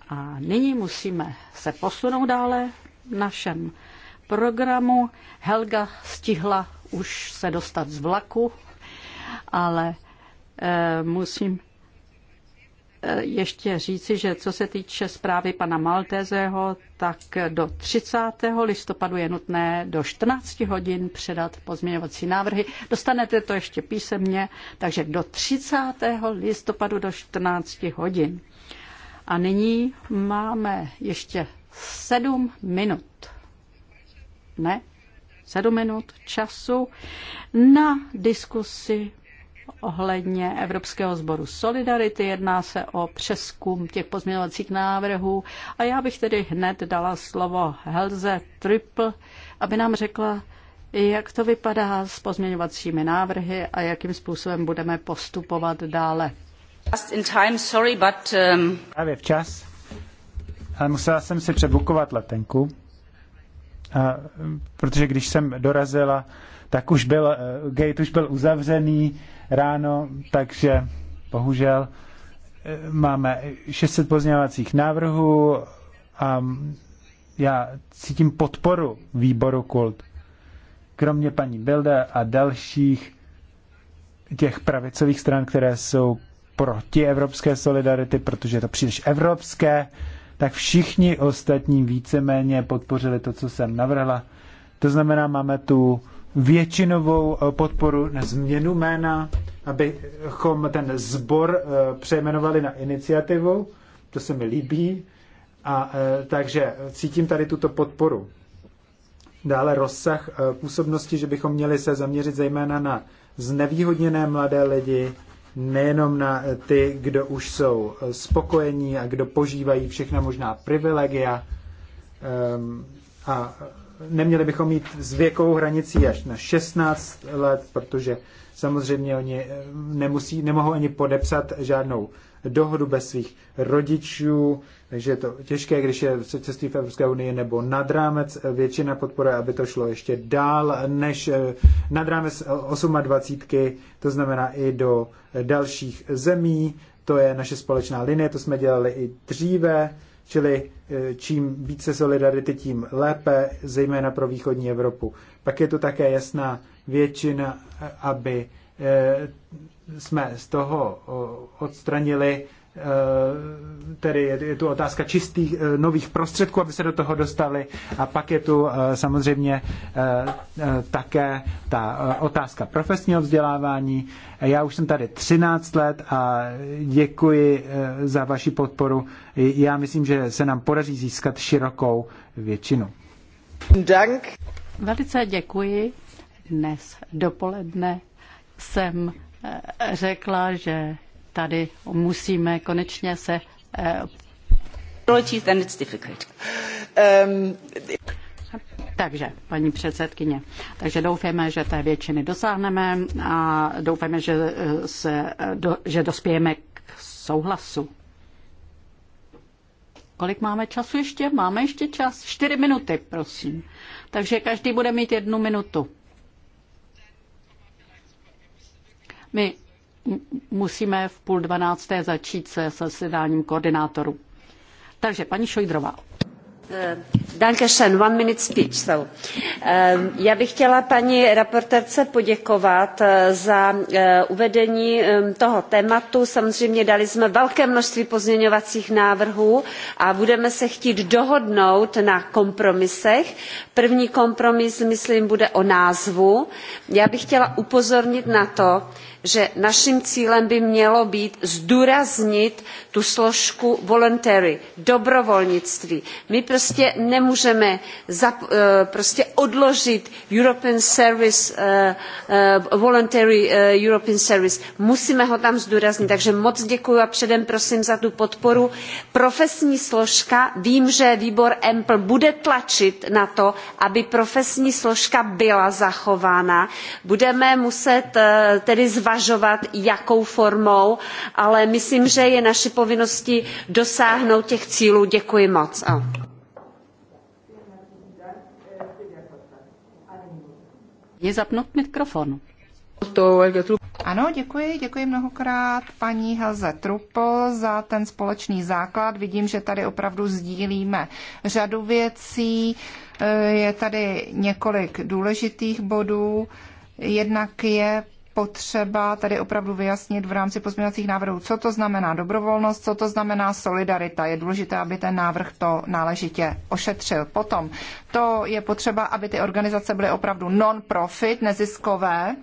a nyní musíme se posunout dále v našem programu. Helga stihla už se dostat z vlaku, ale Eh, musím eh, ještě říci, že co se týče zprávy pana Maltézeho, tak do 30. listopadu je nutné do 14 hodin předat pozměňovací návrhy. Dostanete to ještě písemně, takže do 30. listopadu do 14 hodin. A nyní máme ještě 7 minut. Ne? 7 minut času na diskusi ohledně Evropského sboru Solidarity. Jedná se o přeskum těch pozměňovacích návrhů a já bych tedy hned dala slovo Helze Triple, aby nám řekla, jak to vypadá s pozměňovacími návrhy a jakým způsobem budeme postupovat dále. Um, Právě včas, ale musela jsem si přebukovat letenku. A, protože když jsem dorazila, tak už byl, eh, gate už byl uzavřený ráno, takže bohužel eh, máme 600 pozměňovacích návrhů a já cítím podporu výboru Kult. Kromě paní Bilde a dalších těch pravicových stran, které jsou proti evropské solidarity, protože je to příliš evropské, tak všichni ostatní víceméně podpořili to, co jsem navrhla. To znamená, máme tu většinovou eh, podporu na změnu jména, abychom ten sbor eh, přejmenovali na iniciativu, to se mi líbí, a, eh, takže cítím tady tuto podporu. Dále rozsah působnosti, že bychom měli se zaměřit zejména na znevýhodněné mladé lidi, nejenom na ty, kdo už jsou spokojení a kdo požívají všechna možná privilegia. Ehm, a neměli bychom mít s věkovou hranicí až na 16 let, protože samozřejmě oni eh, nemusí, nemohou ani podepsat žádnou dohodu bez svých rodičů, takže je to těžké, když je předsedství v Evropské unii nebo nad rámec eh, většina podpora, aby to šlo ještě dál než eh, nad rámec 28, eh, to znamená i do dalších zemí. To je naše společná linie, to jsme dělali i dříve, čili čím více solidarity, tím lépe, zejména pro východní Evropu. Pak je to také jasná většina, aby jsme z toho odstranili Eh, tedy je, je tu otázka čistých eh, nových prostředků, aby se do toho dostali a pak je tu eh, samozřejmě také ta otázka profesního vzdělávání. Já už jsem tady 13 let a děkuji za vaši podporu. Já myslím, že se nám podaří získat širokou většinu. Dank. Velice děkuji. Dnes dopoledne jsem řekla, že tady musíme konečně se. Eh, um, takže, paní předsedkyně, takže doufáme, že té většiny dosáhneme a doufáme, že, eh, se, eh, do, že dospějeme k souhlasu. Kolik máme času ještě? Máme ještě čas? Čtyři minuty, prosím. Takže každý bude mít jednu minutu. My musíme v půl dvanácté začít se zasedáním koordinátorů. Takže paní Šojdrová. Eh, Dankeschön, one minute speech. So. Eh, já bych chtěla paní raportérce poděkovat eh, za uvedení toho tématu. Samozřejmě dali jsme velké množství pozměňovacích návrhů a budeme se chtít dohodnout na kompromisech. První kompromis, myslím, bude o názvu. Já bych chtěla upozornit na to, že naším cílem by mělo být zdůraznit tu složku voluntary, dobrovolnictví. My prostě nemůžeme eh, prostě odložit European Service, eh, eh, Voluntary European Service. Musíme ho tam zdůraznit. Takže moc děkuji a předem prosím za tu podporu. Profesní složka, vím, že výbor EMPL bude tlačit na to, aby profesní složka byla zachována. Budeme muset tedy zvažovat, uvažovat jakou formou ale myslím že je naší povinností dosáhnout těch cílů. děkuji moc. Je zapnout mikrofon. Ano, děkuji, děkuji mnohokrát paní Helze Trupo za ten společný základ. Vidím, že tady opravdu sdílíme řadu věcí. Eh, je tady několik důležitých bodů. Jednak je potřeba tady opravdu vyjasnit v rámci pozměňovacích návrhů, co to znamená dobrovolnost, co to znamená solidarita. Je důležité, aby ten návrh to náležitě ošetřil. Potom to je potřeba, aby ty organizace byly opravdu non-profit, neziskové,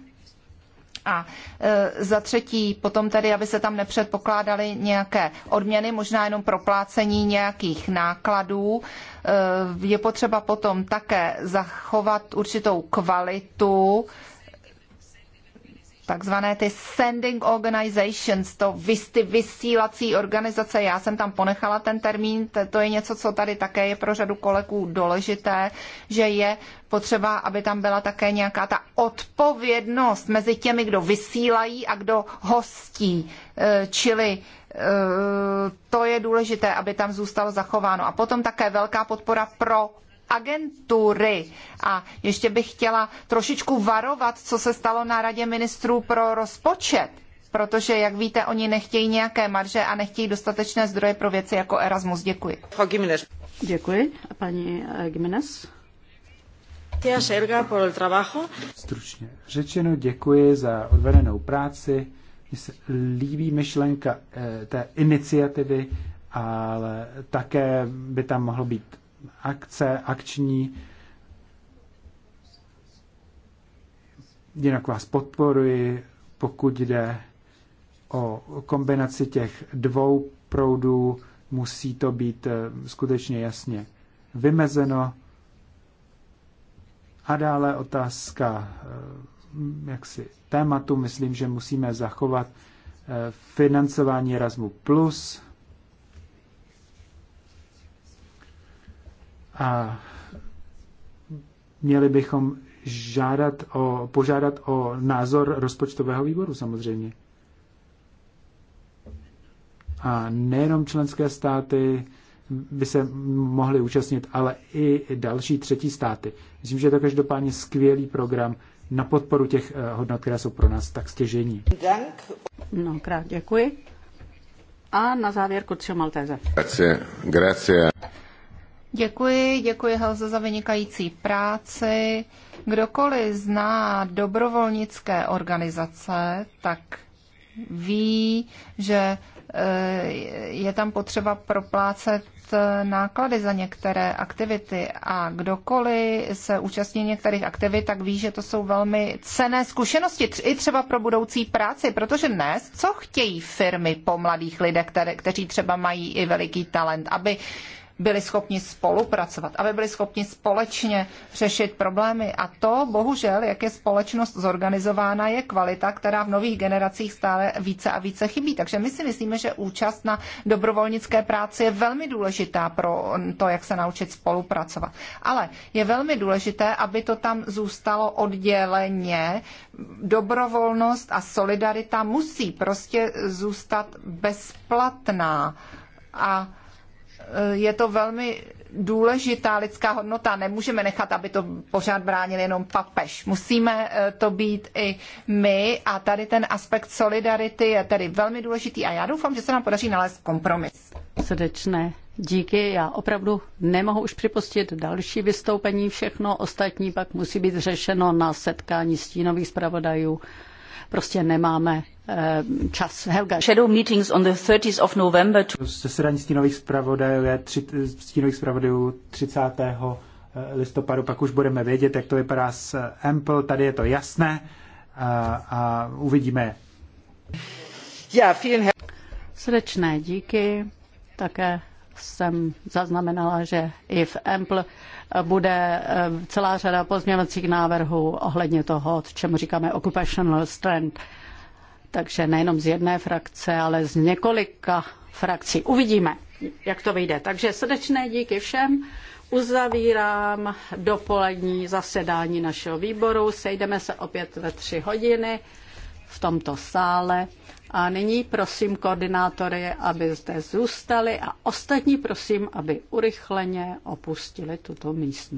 a e, za třetí, potom tedy, aby se tam nepředpokládaly nějaké odměny, možná jenom proplácení nějakých nákladů. E, je potřeba potom také zachovat určitou kvalitu takzvané ty sending organizations, to vys, ty vysílací organizace, já jsem tam ponechala ten termín, to je něco, co tady také je pro řadu kolegů důležité, že je potřeba, aby tam byla také nějaká ta odpovědnost mezi těmi, kdo vysílají a kdo hostí, e, čili e, to je důležité, aby tam zůstalo zachováno. A potom také velká podpora pro agentury. A ještě bych chtěla trošičku varovat, co se stalo na Radě ministrů pro rozpočet. Protože, jak víte, oni nechtějí nějaké marže a nechtějí dostatečné zdroje pro věci jako Erasmus. Děkuji. Děkuji. A paní eh, Gimenez? Stručně řečeno děkuji za odvedenou práci. Mně se líbí myšlenka eh, té iniciativy, ale také by tam mohlo být akce, akční. Jinak vás podporuji, pokud jde o kombinaci těch dvou proudů, musí to být eh, skutečně jasně vymezeno. A dále otázka eh, jaksi tématu. Myslím, že musíme zachovat eh, financování Erasmu+, plus A měli bychom žádat o, požádat o názor rozpočtového výboru samozřejmě. A nejenom členské státy by se mohly účastnit, ale i další třetí státy. Myslím, že je to každopádně skvělý program na podporu těch eh, hodnot, které jsou pro nás tak stěžení. No, krát děkuji. A na závěr Kucio Malteze. Grazie, grazie. Děkuji, děkuji Helze za vynikající práci. Kdokoliv zná dobrovolnické organizace, tak ví, že eh, je tam potřeba proplácet eh, náklady za některé aktivity a kdokoliv se účastní některých aktivit, tak ví, že to jsou velmi cené zkušenosti i třeba pro budoucí práci, protože dnes co chtějí firmy po mladých lidech, které, kteří třeba mají i veliký talent, aby byli schopni spolupracovat, aby byli schopni společně řešit problémy. A to, bohužel, jak je společnost zorganizována, je kvalita, která v nových generacích stále více a více chybí. Takže my si myslíme, že účast na dobrovolnické práci je velmi důležitá pro to, jak se naučit spolupracovat. Ale je velmi důležité, aby to tam zůstalo odděleně. Dobrovolnost a solidarita musí prostě zůstat bezplatná. A Eh, je to velmi důležitá lidská hodnota. Nemůžeme nechat, aby to pořád bránil jenom papež. Musíme eh, to být i my a tady ten aspekt solidarity je tedy velmi důležitý a já doufám, že se nám podaří nalézt kompromis. Srdečné díky. Já opravdu nemohu už připustit další vystoupení. Všechno ostatní pak musí být řešeno na setkání stínových zpravodajů prostě nemáme eh, čas. Helga. Shadow meetings on the 30th of November. To... Zasedání stínových zpravodajů je tři, stínových 30. Eh, listopadu, pak už budeme vědět, jak to vypadá s Ample, tady je to jasné a, a uvidíme. Ja, vielen Srdečné díky, také jsem zaznamenala, že i v Ample bude eh, celá řada pozměňovacích návrhů ohledně toho, čemu říkáme occupational strength. Takže nejenom z jedné frakce, ale z několika frakcí. Uvidíme, jak to vyjde. Takže srdečné díky všem. Uzavírám dopolední zasedání našeho výboru. Sejdeme se opět ve tři hodiny v tomto sále. A nyní prosím koordinátory, aby zde zůstali a ostatní prosím, aby urychleně opustili tuto místnost.